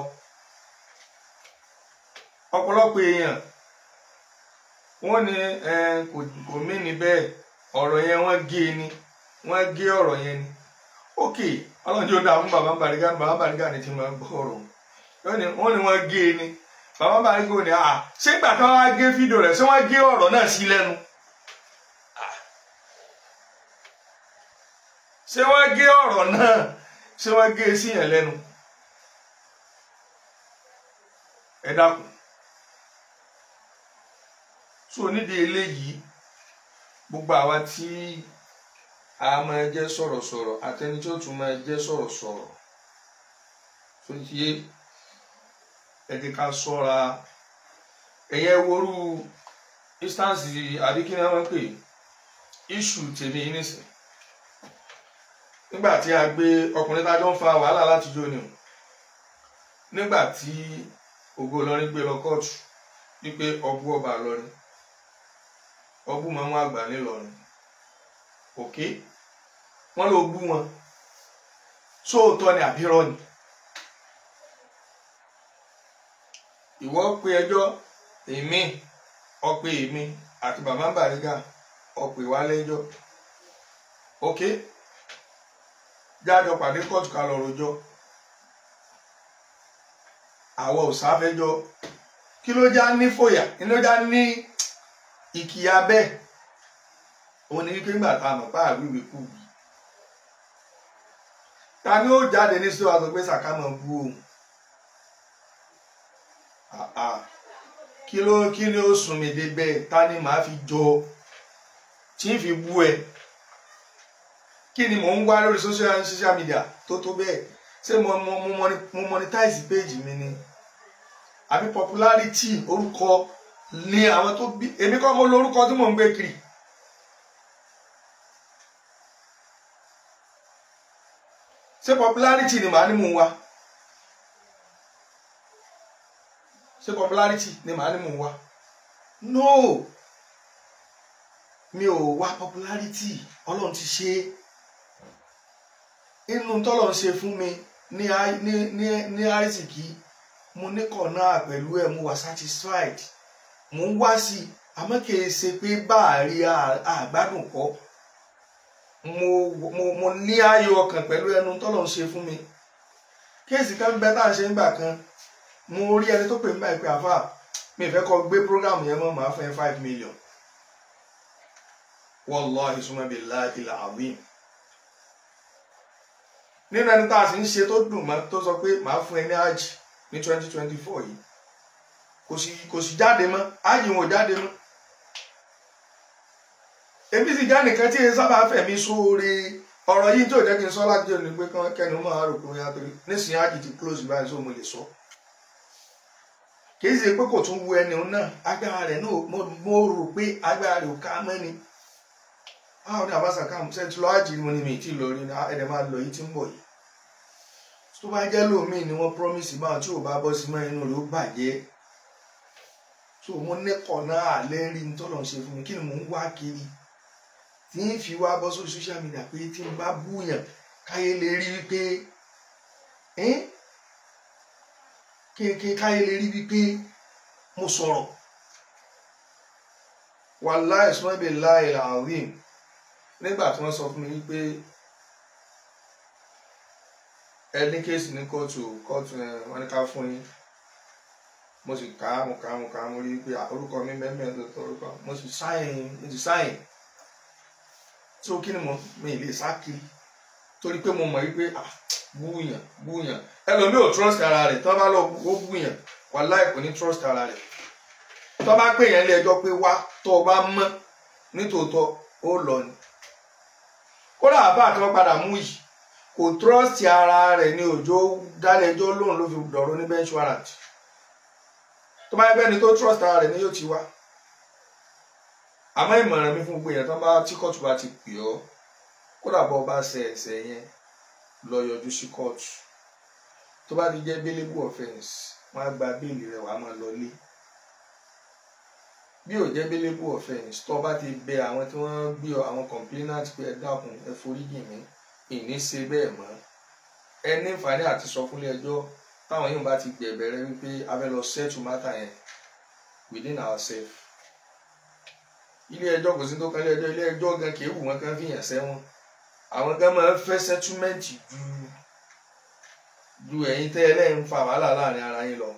ọ̀pọ̀lọpọ̀ èèyàn wọ́n kò mí ọrọ yẹn wọn gé e ni wọ́n gé ọ̀rọ̀ yẹn ni ókè ọlọ́njọ́ dáa fún bàbá Bariga bàbá Bariga ni ti máa gbọ́ ọrọ gé e ni bàbá ò ní ṣé gbàtà gé fídíò ṣé wọ́n gé ọ̀rọ̀ náà ṣé wọ́n gé e síyàn lẹ́nu ẹ dákun so nídìí eléyìí gbogbo àwa tí a máa jẹ́ sọ̀rọ̀sọ̀rọ̀ àtẹni tí ó tún máa jẹ́ sọ̀rọ̀sọ̀rọ̀ tó ti yé ẹ ká ṣọ́ra ẹ̀yẹ worú instance àbí ni wọ́n pè issue tèmi nísìnyí nígbà tí a gbé ọkùnrin tájọ ń fa wàhálà látijọ́ ni nígbà tí Ògo Ìlọrin gbé lọ kóòtù wípé ọbú ọba Ìlọrin ọbú màmú àgbà ńìlọrin òkè wọn ló bú wọn sóòótọ́ ni àbírọ́ ni ìwọ pe ẹjọ́ èmi ọpẹ èmi àti bàbá Bariga ọpẹ wa lẹ́jọ́ òkè. Okay? jájọ pàdé kóòtù ká lọ rojọ́ àwọ òsáfẹjọ kí ló já ní fòyà kí ló já ní ìkìyà bẹ́ẹ̀ òun ni wípé ńgbà tá a mọ̀ pé àwíwí kù bí ta ni ó jáde ní sọ àtọ pé sàkámọ bú òun kí ló kí ni ó sùn mí dé bẹ́ẹ̀ ta ni màá fi jọ tí ń fi bú ẹ kí ni mò ń wá lórí social social media tó tó bẹ́ẹ̀ ṣé mo mo mo monetize page mi ni àbí popularity orúkọ ni àwọn tó bí èmi kọ́ mo lórúkọ tí mò ń gbé kiri. ṣé popularity ni màá ní mò ń wá ṣé popularity ni màá ní mò ń wá no mi ò wá popularity ọlọ́run ti ṣe é inú tọ́lọ̀ ń ṣe fún mi ní ní ní ní àrísìkí mo ní kọ̀ọ̀nà pẹ̀lú ẹ̀ mo wà satisfied mo ń wá sí i àmọ́ kì í ṣe pé báàrí àgbádùn kọ́ mo mo mo ní ayọ̀ ọkàn pẹ̀lú ẹnu tọ́lọ̀ ń ṣe fún mi kéèsì kan bẹ tá à ń ṣe nígbà kan mo rí ẹni tó pè mí báyìí pé àfà mi fẹ́ kọ́ gbé program yẹn mọ́ màá fẹ́ five million wallahi suma billahi al-azim nínú ẹni tá a sì ń ṣe tó dùn mọ́ tó sọ pé màá fún ẹ ní àjì ní twenty twenty four yìí kò sì kò sì jáde mọ́ àjì wọn ò jáde mọ́ èmi sì já nìkan tí sábà fẹ̀mí sóore ọ̀rọ̀ yìí tó jẹ́ kí n sọ láti nísìnyí ti close báyìí sóò mo lè sọ. kìí ṣe pé ẹni náà agbára rẹ̀ náà mo rò pé agbára rẹ̀ ò ká ni àbáṣà sẹ́ńtì mo ni mi lọ rí ẹ̀dẹ̀ máa lọ yìí tí ń tó bá jẹ́ lómìn ni wọ́n promise máa tí ò bá bọ́ sí máa inú rẹ̀ ó bàjẹ́ so mo nẹ́kọ̀ọ́ náà àlẹ́ rí ní tọ́lọ̀ ń ṣe fún mi kí ni mò ń wá kiri tí ń fi wá bọ́ sórí social media pé tí n bá búyàn káyé lè rí wípé kéèké káyé lè rí wípé mo sọ̀rọ̀ wàláì sọ́nbẹ̀ láì làwìn nígbà tí wọ́n sọ fún mi wípé ẹ ní kéèsì ní kóòtù kóòtù ẹ eh, wọn ní ká fún yín mo sì ká mo ká mo ká mo rí i pé orúkọ mi mẹ́mẹ́ tó tó orúkọ mo sì sáyìn mo sì sáyìn tó kí ni mo mi lè sá kiri torí pé mo mọ̀ wípé búyàn búyàn ẹlòmíì ò trust ara rẹ̀ tó bá lọ ó búyàn wàláì kò ní trust ara rẹ̀ tó bá pè yẹn lé ẹjọ́ pé wá tó o bá mọ̀ nítòótọ́ ó lọ ni kódà àbá àti wọn padà mú yìí kò trọ́ọ̀sì ara rẹ̀ ní òjò dálẹ́jọ́ lóun ló fi dọ̀rọ̀ ní bench warrant tó bá yẹ bẹ́ẹ̀ ni tó trọ́ọ̀sì ara rẹ̀ ní yóò ti wá àmọ́ ìmọ̀ràn mi fún gbogbo èèyàn tó bá tí kóòtù bá ti pè ọ́ kódà bọ́ bá ṣe ẹ̀ṣẹ̀ yẹn lọ yọjú sí kóòtù tó bá ti jẹ́ bélébù offence wọ́n á gba béèlì rẹ̀ wàá máa lọlé bí ò jẹ́ bélébù offence tó bá ti bẹ àwọn tí wọ́n gbé àwọn complainant pé ẹ dákun ẹ foríjì mi ìní ṣe bẹ́ẹ̀ mọ́ ẹ ní ìfàní àti sọ fúnlé ẹjọ́ táwọn yìí bá ti gbẹ̀bẹ̀ wípé a fẹ́ lọ settle yẹn within ourselves ilé ẹjọ́ kò sí tó kan ilé ẹjọ́ ilé ẹjọ́ gan kì í wù wọ́n kan fìyàn sẹ́wọ̀n àwọn máa ń fẹ́ ju ju ẹ̀yin tẹ́ ẹlẹ́yìn fa ara yín lọ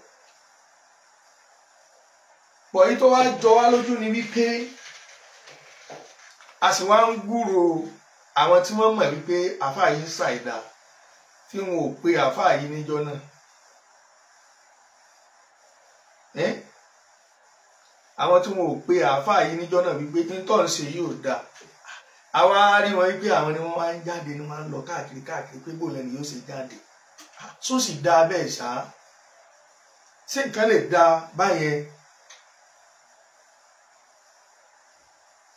pọ̀ yìí tó wá jọ ni wípé a sì wá ń gbúròó àwọn tí wọ́n mọ̀ wípé àfáà yìí ń ṣàìdá tí wọn ò pe àfáà yìí níjọ́ náà àwọn tí wọn ò pe àáfàá yìí níjọ náà wípé tí ń tọ́ ń ṣe yóò dáa àwa rí wọn wípé àwọn ni wọn máa ń jáde ni wọn máa ń lọ káàkiri káàkiri pé bò lẹni yóò ṣe jáde tó sì dáa bẹ́ẹ̀ ṣá ṣé nǹkan lè dáa báyẹn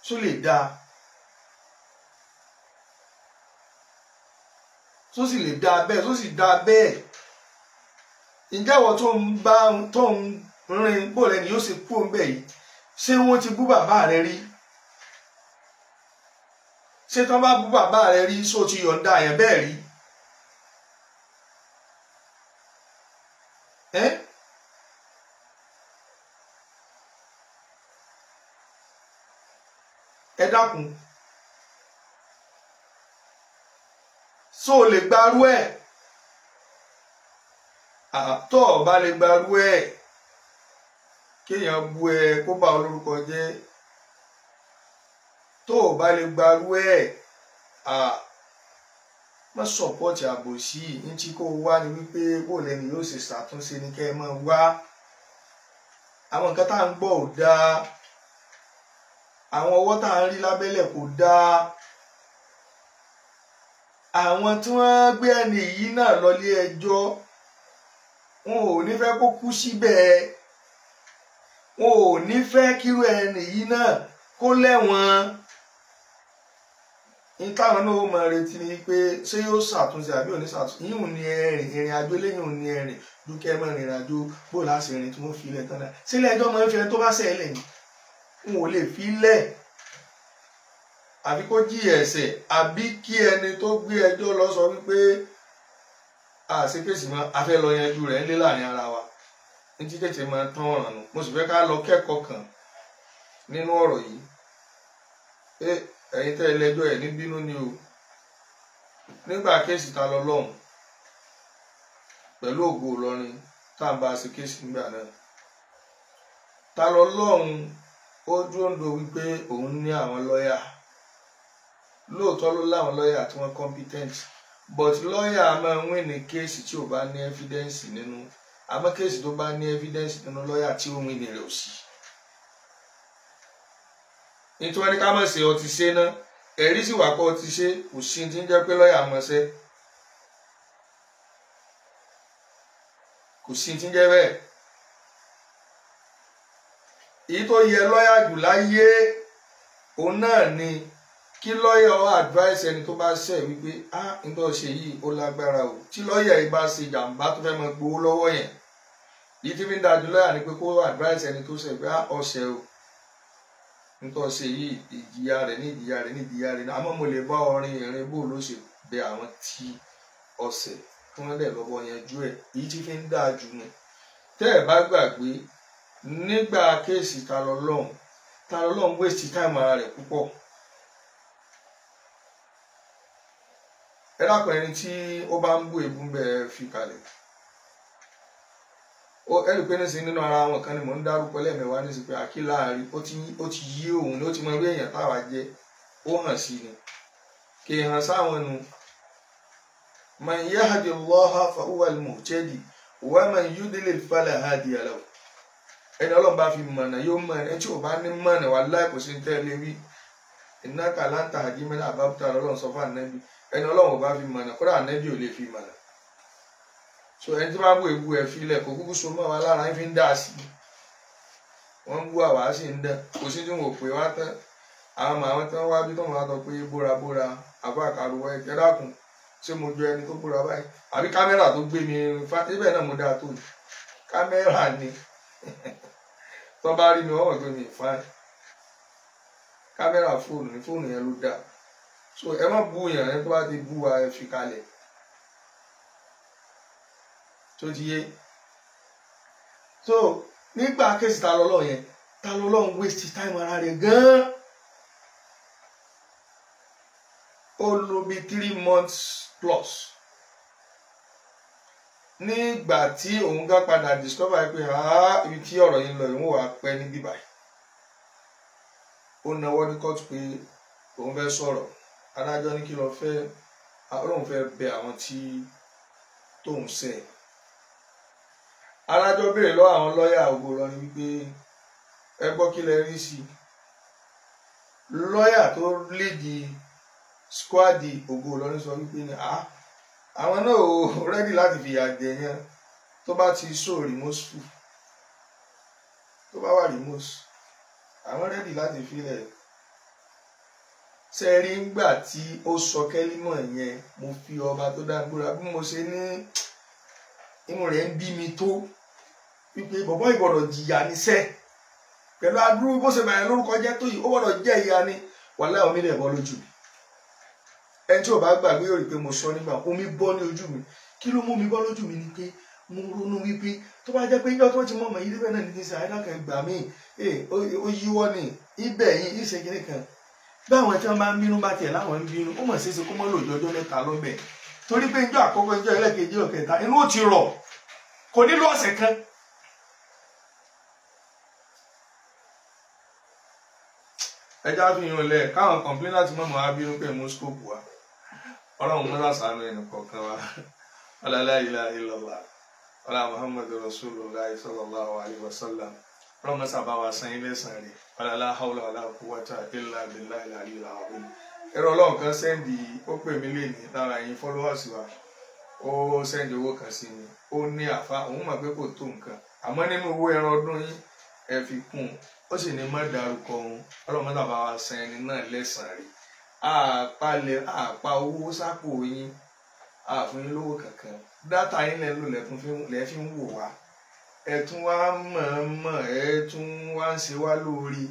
tó lè dáa. tó sì lè da bẹ́ẹ̀ tó sì da bẹ́ẹ̀ ìjáwọ̀ tó ń bá tó ń rin bò lẹ́ni yóò ṣe kú òun bẹ́ẹ̀ yìí ṣé wọ́n ti bú bàbá rẹ rí ṣé tán bá bú bàbá rẹ rí só ti yọ̀ǹda yẹn bẹ́ẹ̀ rí ẹ́ ẹ dákun so o lè gbarú ẹ̀ àtọ̀ ọba lè gbarú ẹ̀ kéèyàn bu ẹ kó bá olórúkọ jẹ́ tó o bá lè gbarú ẹ̀ má sọ̀pọ̀tì àbòsí ní tí kò wá ni wípé bó lẹ́nu yóò ṣe ṣàtúnṣe ni kẹ́ ẹ máa wá àwọn nǹkan tá à ń gbọ́ ò dáa àwọn ọwọ́ tá à ń rí lábẹ́lẹ̀ kò dáa àwọn tí wọ́n gbé ẹni yìí náà lọlé ẹjọ́ wọn ò ní fẹ́ kó kú síbẹ̀ wọn ò ní fẹ́ kírú ẹni yìí náà kó lẹ́wọ̀n ní táwọn náà ó mọ retí ni pé ṣé yóò ṣàtúnṣe àbí òní ṣàtúnṣe yìí ò ní ẹrìn ìrìn àjò lẹ́yìn ò ní ẹrìn dúkẹ́ mọ́ ìrìn àjò bó láṣìírín tí wọ́n fi ilẹ̀ tán náà sílẹ̀ ẹjọ́ mọ́ ń fi ẹni tó bá ṣẹ̀ lẹ́yìn wọn ò lè fi lẹ́ẹ̀ àbí kó jí ẹ̀ṣẹ̀ àbí kí ẹni tó gbé ẹjọ́ lọ sọ wípé àṣekèsì máa a fẹ́ lọ yanjú rẹ̀ lé láàrin ara wa ní títẹ̀tẹ̀ máa tán ọ̀ràn nù mo sì fẹ́ ká lọ kẹ́kọ̀ọ́ kan nínú ọ̀rọ̀ yìí pé ẹ̀yin tẹ́ ẹ ní bínú ni o nígbà kéèsì ta lọ lọ́hùn pẹ̀lú ògo Ìlọrin tá à ń bá àṣekèsì nígbà náà ta lọ lọ́hùn ó dúró ń do wípé òun ní àwọn lọ́ọ̀yà lóòótọ́ ló láwọn lọ́ọ̀yà tí wọ́n competent but lọ́ọ̀yà máa ń win ní kéèsì tí ò bá ní evidence nínú àmọ́ kéèsì tó bá ní evidence nínú lọ́ọ̀yà tí ó win rẹ̀ ò sí. nítorí wọn ní ká mọ̀ sí ọtí ṣe náà ẹ̀rí sì wà pé ọtí ṣe kò sí ti ń jẹ́ pé lọ́ọ̀yà mọ̀ọ́sẹ́ kò sí ti ń jẹ́ bẹ́ẹ̀ èyí tó yẹ lọ́ọ̀yà jù láyé òun náà ni kí lọ́ọ̀yà ọ advice ẹni tó bá ṣẹ̀ wípé a nígbà ọ̀ṣẹ̀ yìí ó lágbára o tí lọ́ọ̀yà yìí bá ṣe jàǹbá tó fẹ́ mọ gbowó lọ́wọ́ yẹn yìí tí fi ń dájú lọ́ọ̀yà ni pé kó advice ẹni tó ṣẹ̀ pé a ọ̀ṣẹ̀ o nígbà ọ̀ṣẹ̀ yìí ìjìyà rẹ̀ ní ìjìyà rẹ̀ ní ìjìyà rẹ̀ àmọ́ mo lè bá ọrin ìrìn bó ló ṣe bẹ àwọn tí ọ̀ṣẹ̀ tí wọ́n dẹ̀ lọ́wọ́ yanjú ẹ̀ yìí tí fi ń dájú ni tẹ́ ẹ̀ bá gbàgbé nígbà kéèsì ta lọ́lọ́run ta lọ́lọ́run waste time ara rẹ̀ púpọ̀ ẹ dákun ẹni tí ó bá ń bú èébú ń bẹ fi kalẹ̀ ó ẹrù pé nísìnyí nínú ara wọn kan ni mò ń dárúkọ aki nísìnyí oti àkí láàrin ó ti yí òun ni ó ti mọ irú èèyàn táwa jẹ ó hàn sí ni kì í hàn sáwọn nu al-muhtadi wa man yudlil fala hadiya ha ẹni ala fi mọ̀nà yóò mọ̀ ẹni tí ò bá ní mọ̀nà wà láì sí ní tẹ́lẹ̀ wí innaka lan tahdi man ẹni ọlọ́run bá fi mọ̀nà kódà ànẹ́bí ò lè fi mọ̀nà so ẹni tí ewu ẹ filẹ̀ kò kúkú so mọ́ lára ẹ fi ń dá sí i wọ́n bú sì ń kò sí tí wọn pè wá tán àwọn ọmọ àwọn tí wá bí tó wọn á pé bóra bóra àbá ṣé mo jọ ẹni tó bóra fati náà mo dáa tó yìí ni bá rí mi wọ́n tó ni fóònù yẹn ló dáa. so ẹ má bú yàn ẹni tó bá ti bú wa ẹ fi kalẹ̀ tó ti yé so nígbà kéèsì ta lọ́lọ́ yẹn ta lọ́lọ́ ń waste time ara rẹ̀ gan-an ó lò bí three months plus nígbà tí òun gá padà discover pé ibi tí ọ̀rọ̀ yìí lọ ìwọ̀n wà pẹ́ ní bíbáyìí ó náwó ní kóòtù pé òun fẹ́ sọ̀rọ̀ adájọ́ ní kí lọ fẹ́ ọlọ́run fẹ́ bẹ àwọn tí tóun ṣẹ̀ adájọ́ béèrè lọ́wọ́ àwọn lọ́ọ̀yà ògbó lọ ni wípé ẹ gbọ́ kí lẹ rí sí i lọ́ọ̀yà tó lédi skwadi ògbó lọ ní sọ wípé ni a àwọn náà ò rẹ́dì láti fìyà jẹ yẹn tó bá ti so remorseful tó bá wà remorse àwọn rẹ́dì láti fi lẹ̀ ṣe rí ngbà tí ó sọ kẹ́límọ̀ yẹn mo fi ọba tó dá búra bí mo ṣe ní inú rẹ̀ ń bí mi tó wípé bọ̀bọ́ ìgbọ̀dọ̀ jìyà níṣẹ́ pẹ̀lú adúrú bó ṣe bàyẹ̀ lórúkọ jẹ́ tó yìí ó gbọ́dọ̀ jẹ́ ìyá ni wàhálà omi rẹ̀ bọ́ lójú mi ẹni tí ò bá gbàgbé yóò rí i pé mo sọ nígbà omi bọ́ ní ojú mi kí ló mú mi bọ́ lójú mi ni pé mo ronú wípé tó bá jẹ́ pé yíyọ́ tó ti mọ̀ mọ̀ yìí débẹ̀ náà ní ti sàáyé náà kàn gbà mí ó yíwọ́ ni ibẹ̀ yìí ìṣègìrì kan báwọn tí wọn bá ń bínú bá tiẹ̀ láwọn ń bínú ó mọ̀ ṣeéṣe kó mọ́ lòjọ́ ọjọ́ mẹ́ta lọ́bẹ̀ torí pé ijọ́ àkọ́kọ́ ijọ́ ẹlẹ́kejì ọ̀kẹta inú ó ti rọ̀ kò nílò ọ̀sẹ̀ kan. ẹja fi hàn lẹ káwọn kọ̀ǹpín láti mọ̀ mọ́ abínú pé mú skóòpù wa ọlọ́run mọ́tà sànú ẹnì kọ̀ọ̀kan wa ọlọ́lá ìlà ìlọ́lá ọlọ́run muhammadu rasulullah sallallahu alaihi wasallam ọlọ́mọsá bá wa san ilé san rè wàlálà haúlà wàlá kúwàtà ilà bìlà ilà ilà àwọn ẹ̀rọ ọlọ́run kan sẹ́ndì ó pè mí lẹ́ni lára yín followers wa ó sẹ́ndì owó kan sí mi ó ní àfa òun mọ̀ pé kò tó nǹkan àmọ́ nínú owó ẹran ọdún yín ẹ fi kún un ó sì ní má dárúkọ òun ọlọ́mọsá bá wa san ẹni náà lẹ́sàn rè àpalẹ̀ àpá owó sápò yín àfún yín lówó kankan dátà yín lẹ́nu lẹ́fún lẹ́fín wò wá. ẹ tún wá mọ̀ọ́mọ̀ ẹ tún wá ń ṣe wá lórí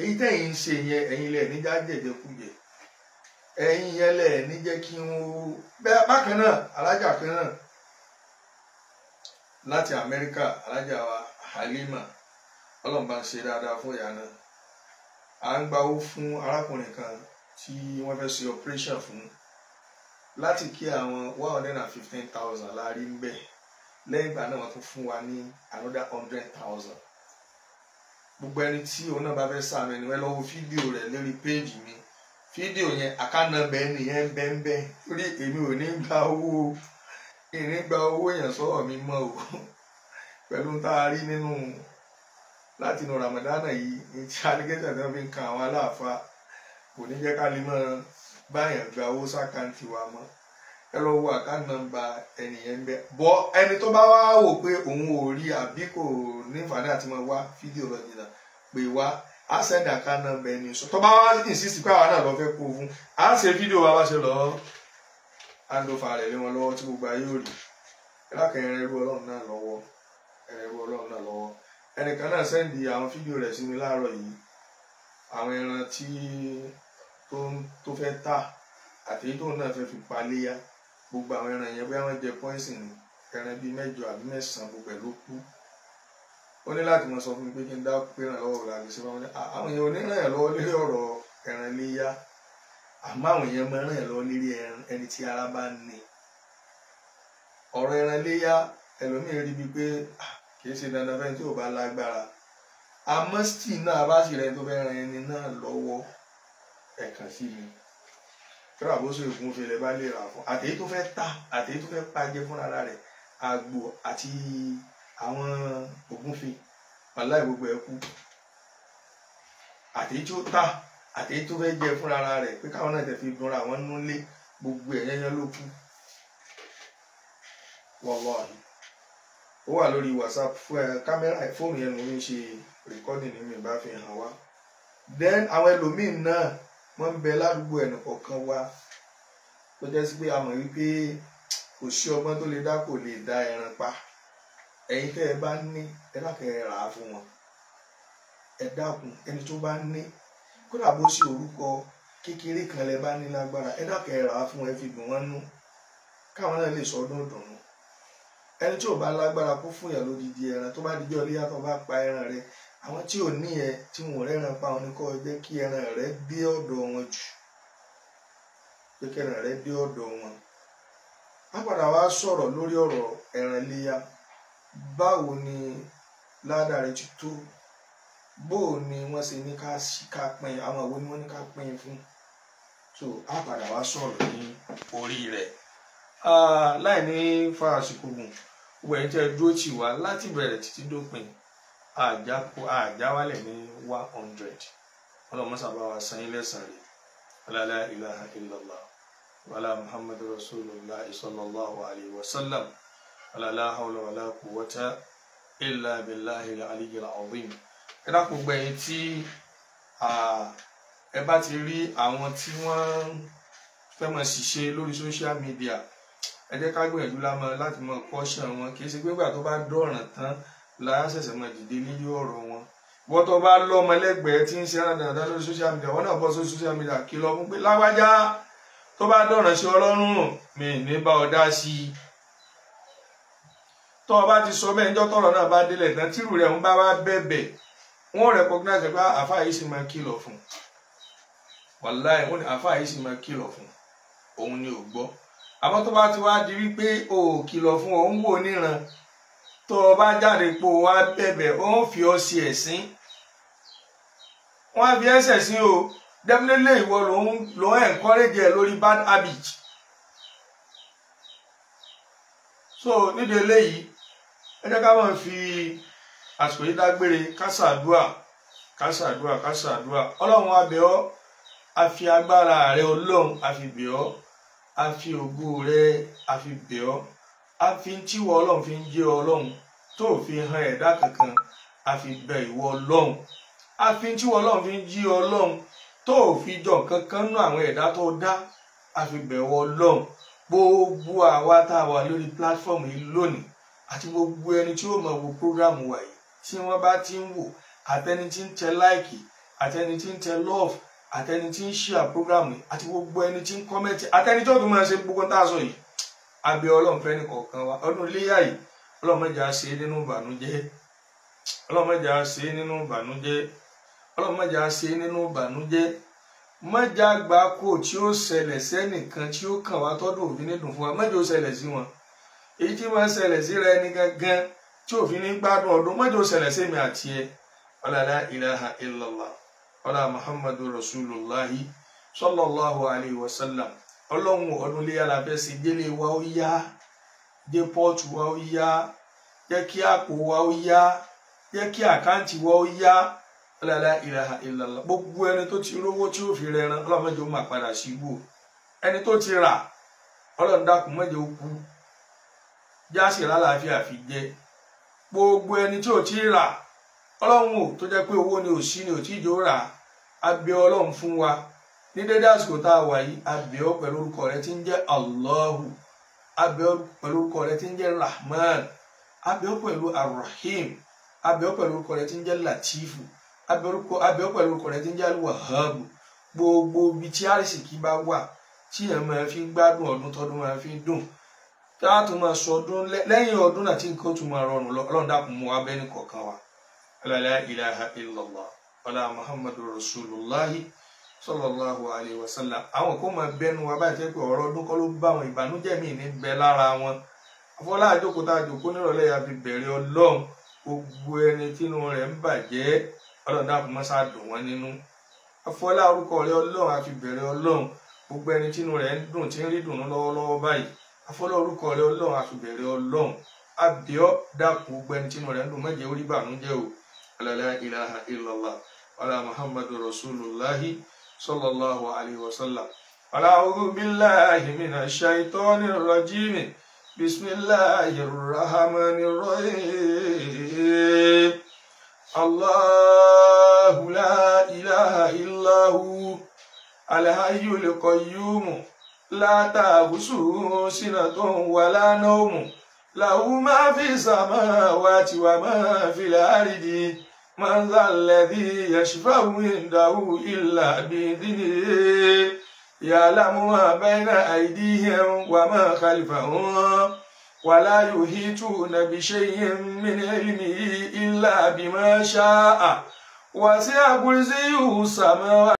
èyí tẹ̀yìn ń ṣe yẹn ẹ̀yin lẹ̀ níjà jẹ̀jẹ̀kújẹ̀ ẹ̀yin yẹn lẹ̀ ní kí n bẹ́ẹ̀ bákan náà alájà kan náà láti Amẹ́ríkà alájà wa Halima ń ṣe dáadáa fún ìyá náà à ń gbawó fún operation fún láti kí àwọn one hundred and lẹ́yìn ìgbà náà wọ́n tún fún wa ní another hundred thousand gbogbo ẹni tí òun náà bá fẹ́ sàmì ẹni wọ́n lọ wo fídíò rẹ̀ lórí péèjì mi fídíò yẹn àkànnàbẹ̀ nìyẹn bẹ́ẹ̀nbẹ́ torí èmi ò ní gba owó ìní owó yẹn sọ̀rọ̀ mi mọ́ o pẹ̀lú tá a rí nínú láti inú Ramadan yìí ní tí alígẹ́sẹ̀ náà fi ń kan àwọn aláàfáà kò ní jẹ́ ká lè mọ́ báyẹn gba owó sákàǹtì wa mọ́ ẹ lọ wo àkáǹtì nọ́mbà ẹnìyẹn ń bẹ bọ ẹni tó bá wá wò pé òun ò rí àbí kò nífàdí àti máa wá fídíò lọ jìnnà pé wá á sẹ́ndì àkáǹtì nọ́mbà ẹni sọ tó bá wá ní pé àwa náà lọ kó fún á ṣe fídíò wa bá ṣe lọ àndófà rẹ̀ lé wọn lọ́wọ́ tí gbogbo ayé ò rí lákàáyẹrẹ ẹrú ọlọ́run náà lọ́wọ́ ẹrú ọlọ́run náà lọ́wọ́ ẹnìkan náà sẹ́ndì àwọn fídíò rẹ̀ sí mi láàárọ̀ yìí àwọn ẹran tí tó fẹ́ tà àtẹ̀yí náà fẹ́ fi paléyà gbogbo àwọn ẹran yẹn bóyá wọ́n jẹ poison ni ẹran bíi mẹ́jọ àbí mẹ́sàn-án gbogbo ẹ̀ ló kú ó ní láti máa sọ fún mi pé kí n dá pé ràn lọ́wọ́ la lè ṣe fún mi àwọn èèyàn oníràn yẹn lọ́wọ́ lórí ọ̀rọ̀ ẹran léyà àmọ́ àwọn èèyàn máa ràn yẹn lọ́wọ́ lórí ẹni tí ara bá ń ni ọ̀rọ̀ ẹran léyà ẹlòmíì rí bíi pé kìí ṣe dandan fẹ́ni tí ò bá lágbára àmọ́ steve náà bá sì rẹ tó fẹ́ ran ẹni náà lọ́wọ́ ẹ̀kan sí mi ṣọ́ra bó ṣe ògùn ṣe lè bá lè rà fún àtẹ̀yí tó fẹ́ ta àtẹ̀yí tó fẹ́ pàjẹ́ fúnra rẹ̀ àgbò àti àwọn ògúnfe wàláì gbogbo ẹ̀ kú àtẹ̀yí tí ó ta àtẹ̀yí tó fẹ́ jẹ fúnra rẹ̀ pé káwọn náà tẹ̀ fi dunra àwọn nulẹ̀ gbogbo ẹ̀ yẹ́yẹ́ ló kú wàláì ó wà lórí whatsapp kámẹ́rà fóònù yẹn ló ń ṣe rìkọ́dì ní mi bá fi hàn wá then àwọn ẹlòmíín náà wọ́n ń bẹ ládùúgbò ẹnì kọ̀ọ̀kan wa tó jẹ́ sí pé a mọ̀ wípé kò sí ọgbọ́n tó lè dá kò lè dá ẹran pa ẹ̀yin tẹ́ ẹ bá ní ẹ lákẹ́rẹ́ rà á fún wọn ẹ dákun ẹni tó bá ní kódà bó ṣe orúkọ kékeré kan lẹ bá ní lágbára ẹ dákẹ́rẹ́ rà á fún ẹ fi dùn wọ́n nú káwọn náà lè sọdún dùnú ẹni tí ò bá lágbára kó fún yàn lódìdí ẹran tó bá dijọ́ léyà tó bá pa ẹran rẹ àwọn tí ò ní ẹ tí wọn ò rẹ́ran pa wọn ni kó jẹ́ kí ẹran rẹ dé ọ̀dọ̀ wọn jù jẹ́ kí ẹran rẹ dé ọ̀dọ̀ wọn. a padà wá sọ̀rọ̀ lórí ọ̀rọ̀ ẹran iléyà báwo ni ládàrí ti tó bóò ni wọ́n ṣe ní ká pín àwọn ìwé ni wọ́n ní ká pín fún so a padà wá sọ̀rọ̀ ní orí rẹ̀ ah, láì ní fa àsìkò gùn wẹ̀ ń tẹ́ dúró tì wá láti bẹ̀rẹ̀ títí dópin àjákú àjáwálẹ̀ ní one hundred ọlọ́mọ́sàbá wa san ilé san rè alálà ilaha illallah wàlá muhammadu rasulullah sallallahu alayhi wa sallam alálà hawla wàlá quwwata illa billahi aliyyil azim ẹ dákun gbẹ̀yìn tí ẹ bá ti rí àwọn tí wọ́n fẹ́ mọ̀ ṣiṣẹ́ lórí social media ẹ jẹ́ ká gbìyànjú láti mọ̀ kọ́ṣẹ́ wọn kì í ṣe pé tó bá dọ̀ràn tán là ń ṣẹ̀ṣẹ̀ mọ dìde lórí ọ̀rọ̀ wọn wọ́n tó bá lọ́mọ lẹ́gbẹ̀ẹ́ tí ń ṣe ara dáadáa lórí social media wọ́n náà bọ́ sórí social media kí lọ fún pé lágbájá tó bá dọ̀ràn sí ọlọ́run mi ní bá ọ dá sí i tó o bá ti sọ bẹ́ẹ̀ níjọ́ tọ̀rọ̀ náà bá délẹ̀ tán tírù rẹ̀ ń bá wá bẹ̀bẹ̀ wọ́n recognize pé ah, àfáà yìí sì máa kìlọ̀ fún wàláì wọ́n ní àfáà yìí sì máa kìlọ̀ fún òun ni ò gbọ́ àmọ́ tó bá ti wá di wípé o kìlọ̀ fún ọ ń wò níran tó o bá jáde po wá bẹ̀bẹ̀ ó ń fi ọ sí ẹ̀sìn wọ́n á fi ẹsẹ̀ sí o definitely ìwọ ló ń ló ń encourage ẹ lórí bad habit so nídìí eléyìí ẹ jẹ́ ká máa fi àsìkò yìí dágbére ká ṣàdúà ká ṣàdúà ká ṣàdúà ọlọ́run a bẹ̀ ọ́ a fi agbára rẹ ọlọ́run a fi bẹ̀ ọ́ a fi ògo rẹ a fi bẹ̀ ọ́ a fi ń tíwọ́ ọlọ́run fi ń yé ọlọ́run tó fi hàn ẹ̀dá kankan a fi bẹ ìwọ ọlọ́run a fi ń tíwọ́ ọlọ́run fi ń yé ọlọ́run tó fi jọ kankan nú àwọn ẹ̀dá tó dá a fi bẹ̀ ọlọ́run gbogbo àwa tá a wà lórí platform yìí lónìí àti gbogbo ẹni tí ó mọ̀ wo program wa yìí tí wọ́n bá ti ń wò àtẹni tí ń tẹ láìkì àtẹni tí ń tẹ love àtẹni tí ń ṣíà program yìí àti gbogbo ẹni tí ń kọ́mẹ́tì àtẹni tó tún máa ṣe gbogbo tá yìí abẹ ọlọ́run fẹ́ nìkọ̀ọ̀kan wa ọdún iléyà yìí ọlọ́run mẹ́jà ṣe é nínú ìbànújẹ́ ọlọ́run mẹ́jà ṣe é nínú ìbànújẹ́ ọlọ́run mẹ́jà ṣe é nínú ìbànújẹ́ mẹ́jà gba kó tí ó ṣẹlẹ̀ sẹ́nìkan tí ó kàn wá tọ́dún òfin ní dùn fún wa mẹ́jọ ṣẹlẹ̀ sí wọn èyí tí wọ́n ṣẹlẹ̀ sí rẹ ní gangan tí òfin ní gbádùn ọdún mẹ́jọ ṣẹlẹ̀ sí mi àti ẹ ọlọ́lá ilaha illallah ọlọ́lá muhammadu rasulillahi sallallahu alayhi wa sallam ọlọ́run ọ̀run iléyá la fẹ́ ṣe délé wa ó yá dé pọ́ọ̀tù wa ó yá jẹ́ kí àpò wa ó yá jẹ́ kí àkáǹtì wa ó yá lálá ìlàhà ìlàlá gbogbo ẹni tó ti rówó tí ó fi rẹran ọlọ́run mẹ́jọ máa padà sí ibú ẹni tó ti rà ọlọ́run dákun mẹ́jọ kú jáàsì lálàáfíà fi jẹ gbogbo ẹni tí ò ti rà ọlọ́run ò tó jẹ́ pé owó ni ò sí ni ò tí ìjọ rà á bẹ̀ ọlọ́run fún wa ní dédé àsìkò tá a wà yìí abẹ́ọ́ pẹ̀lú orúkọ rẹ tí ń jẹ́ Allahu abẹ́ọ́ pẹ̀lú orúkọ rẹ tí ń jẹ́ Rahman abẹ́ọ́ pẹ̀lú Arrahim abẹ́ọ́ pẹ̀lú orúkọ rẹ tí ń jẹ́ Latifu abẹ́ọ́ pẹ̀lú orúkọ rẹ tí ń jẹ́ Al-Wahhab gbogbo ibi tí àrísìkí bá wà tí èèyàn máa fi gbádùn ọdún tọdún máa fi dùn táàtò máa sọ ọdún lẹ́yìn ọdún náà nǹkan tún máa rọrùn lọ ọlọ́run dákun abẹ́ni kọ̀ọ̀kan wa la ilaha illallah wala muhammadu rasulullahi sallallahu alayhi wa sallam àwọn kò mọ bẹnu wa báyìí tẹ́ pé ọ̀rọ̀ ọdún kọ́ ló bá wọn ìbànújẹ́ mi ní bẹ lára wọn afọlá àjòkó tá a jòkó nírọ̀lẹ́ ya fi bẹ̀rẹ̀ ọlọ́run gbogbo ẹni tínú rẹ̀ ń bàjẹ́ ọlọ́run dáàbò mọ́sá dùn wọ́n nínú afọlá orúkọ rẹ̀ ọlọ́run àfi bẹ̀rẹ̀ ọlọ́run gbogbo ẹni tínú rẹ̀ ń dùn tí ń rí dùnú lọ́wọ́lọ́wọ́ báyìí sallallahu alayhi wa sallam. A'udhu billahi minash shaitonir rajim. Bismillahir rahmanir rahim. Allahu la ilaha illa hu. Al-hayyul qayyum. La ta'khusuhu sinatun wa la nawm. Lahu ma fis samawati wa ma fil ardi. من ذا الذي يشفع عنده إلا بإذنه يعلم ما بين أيديهم وما خلفهم ولا يهيتون بشيء من علمه إلا بما شاء وسع كرسيه السماوات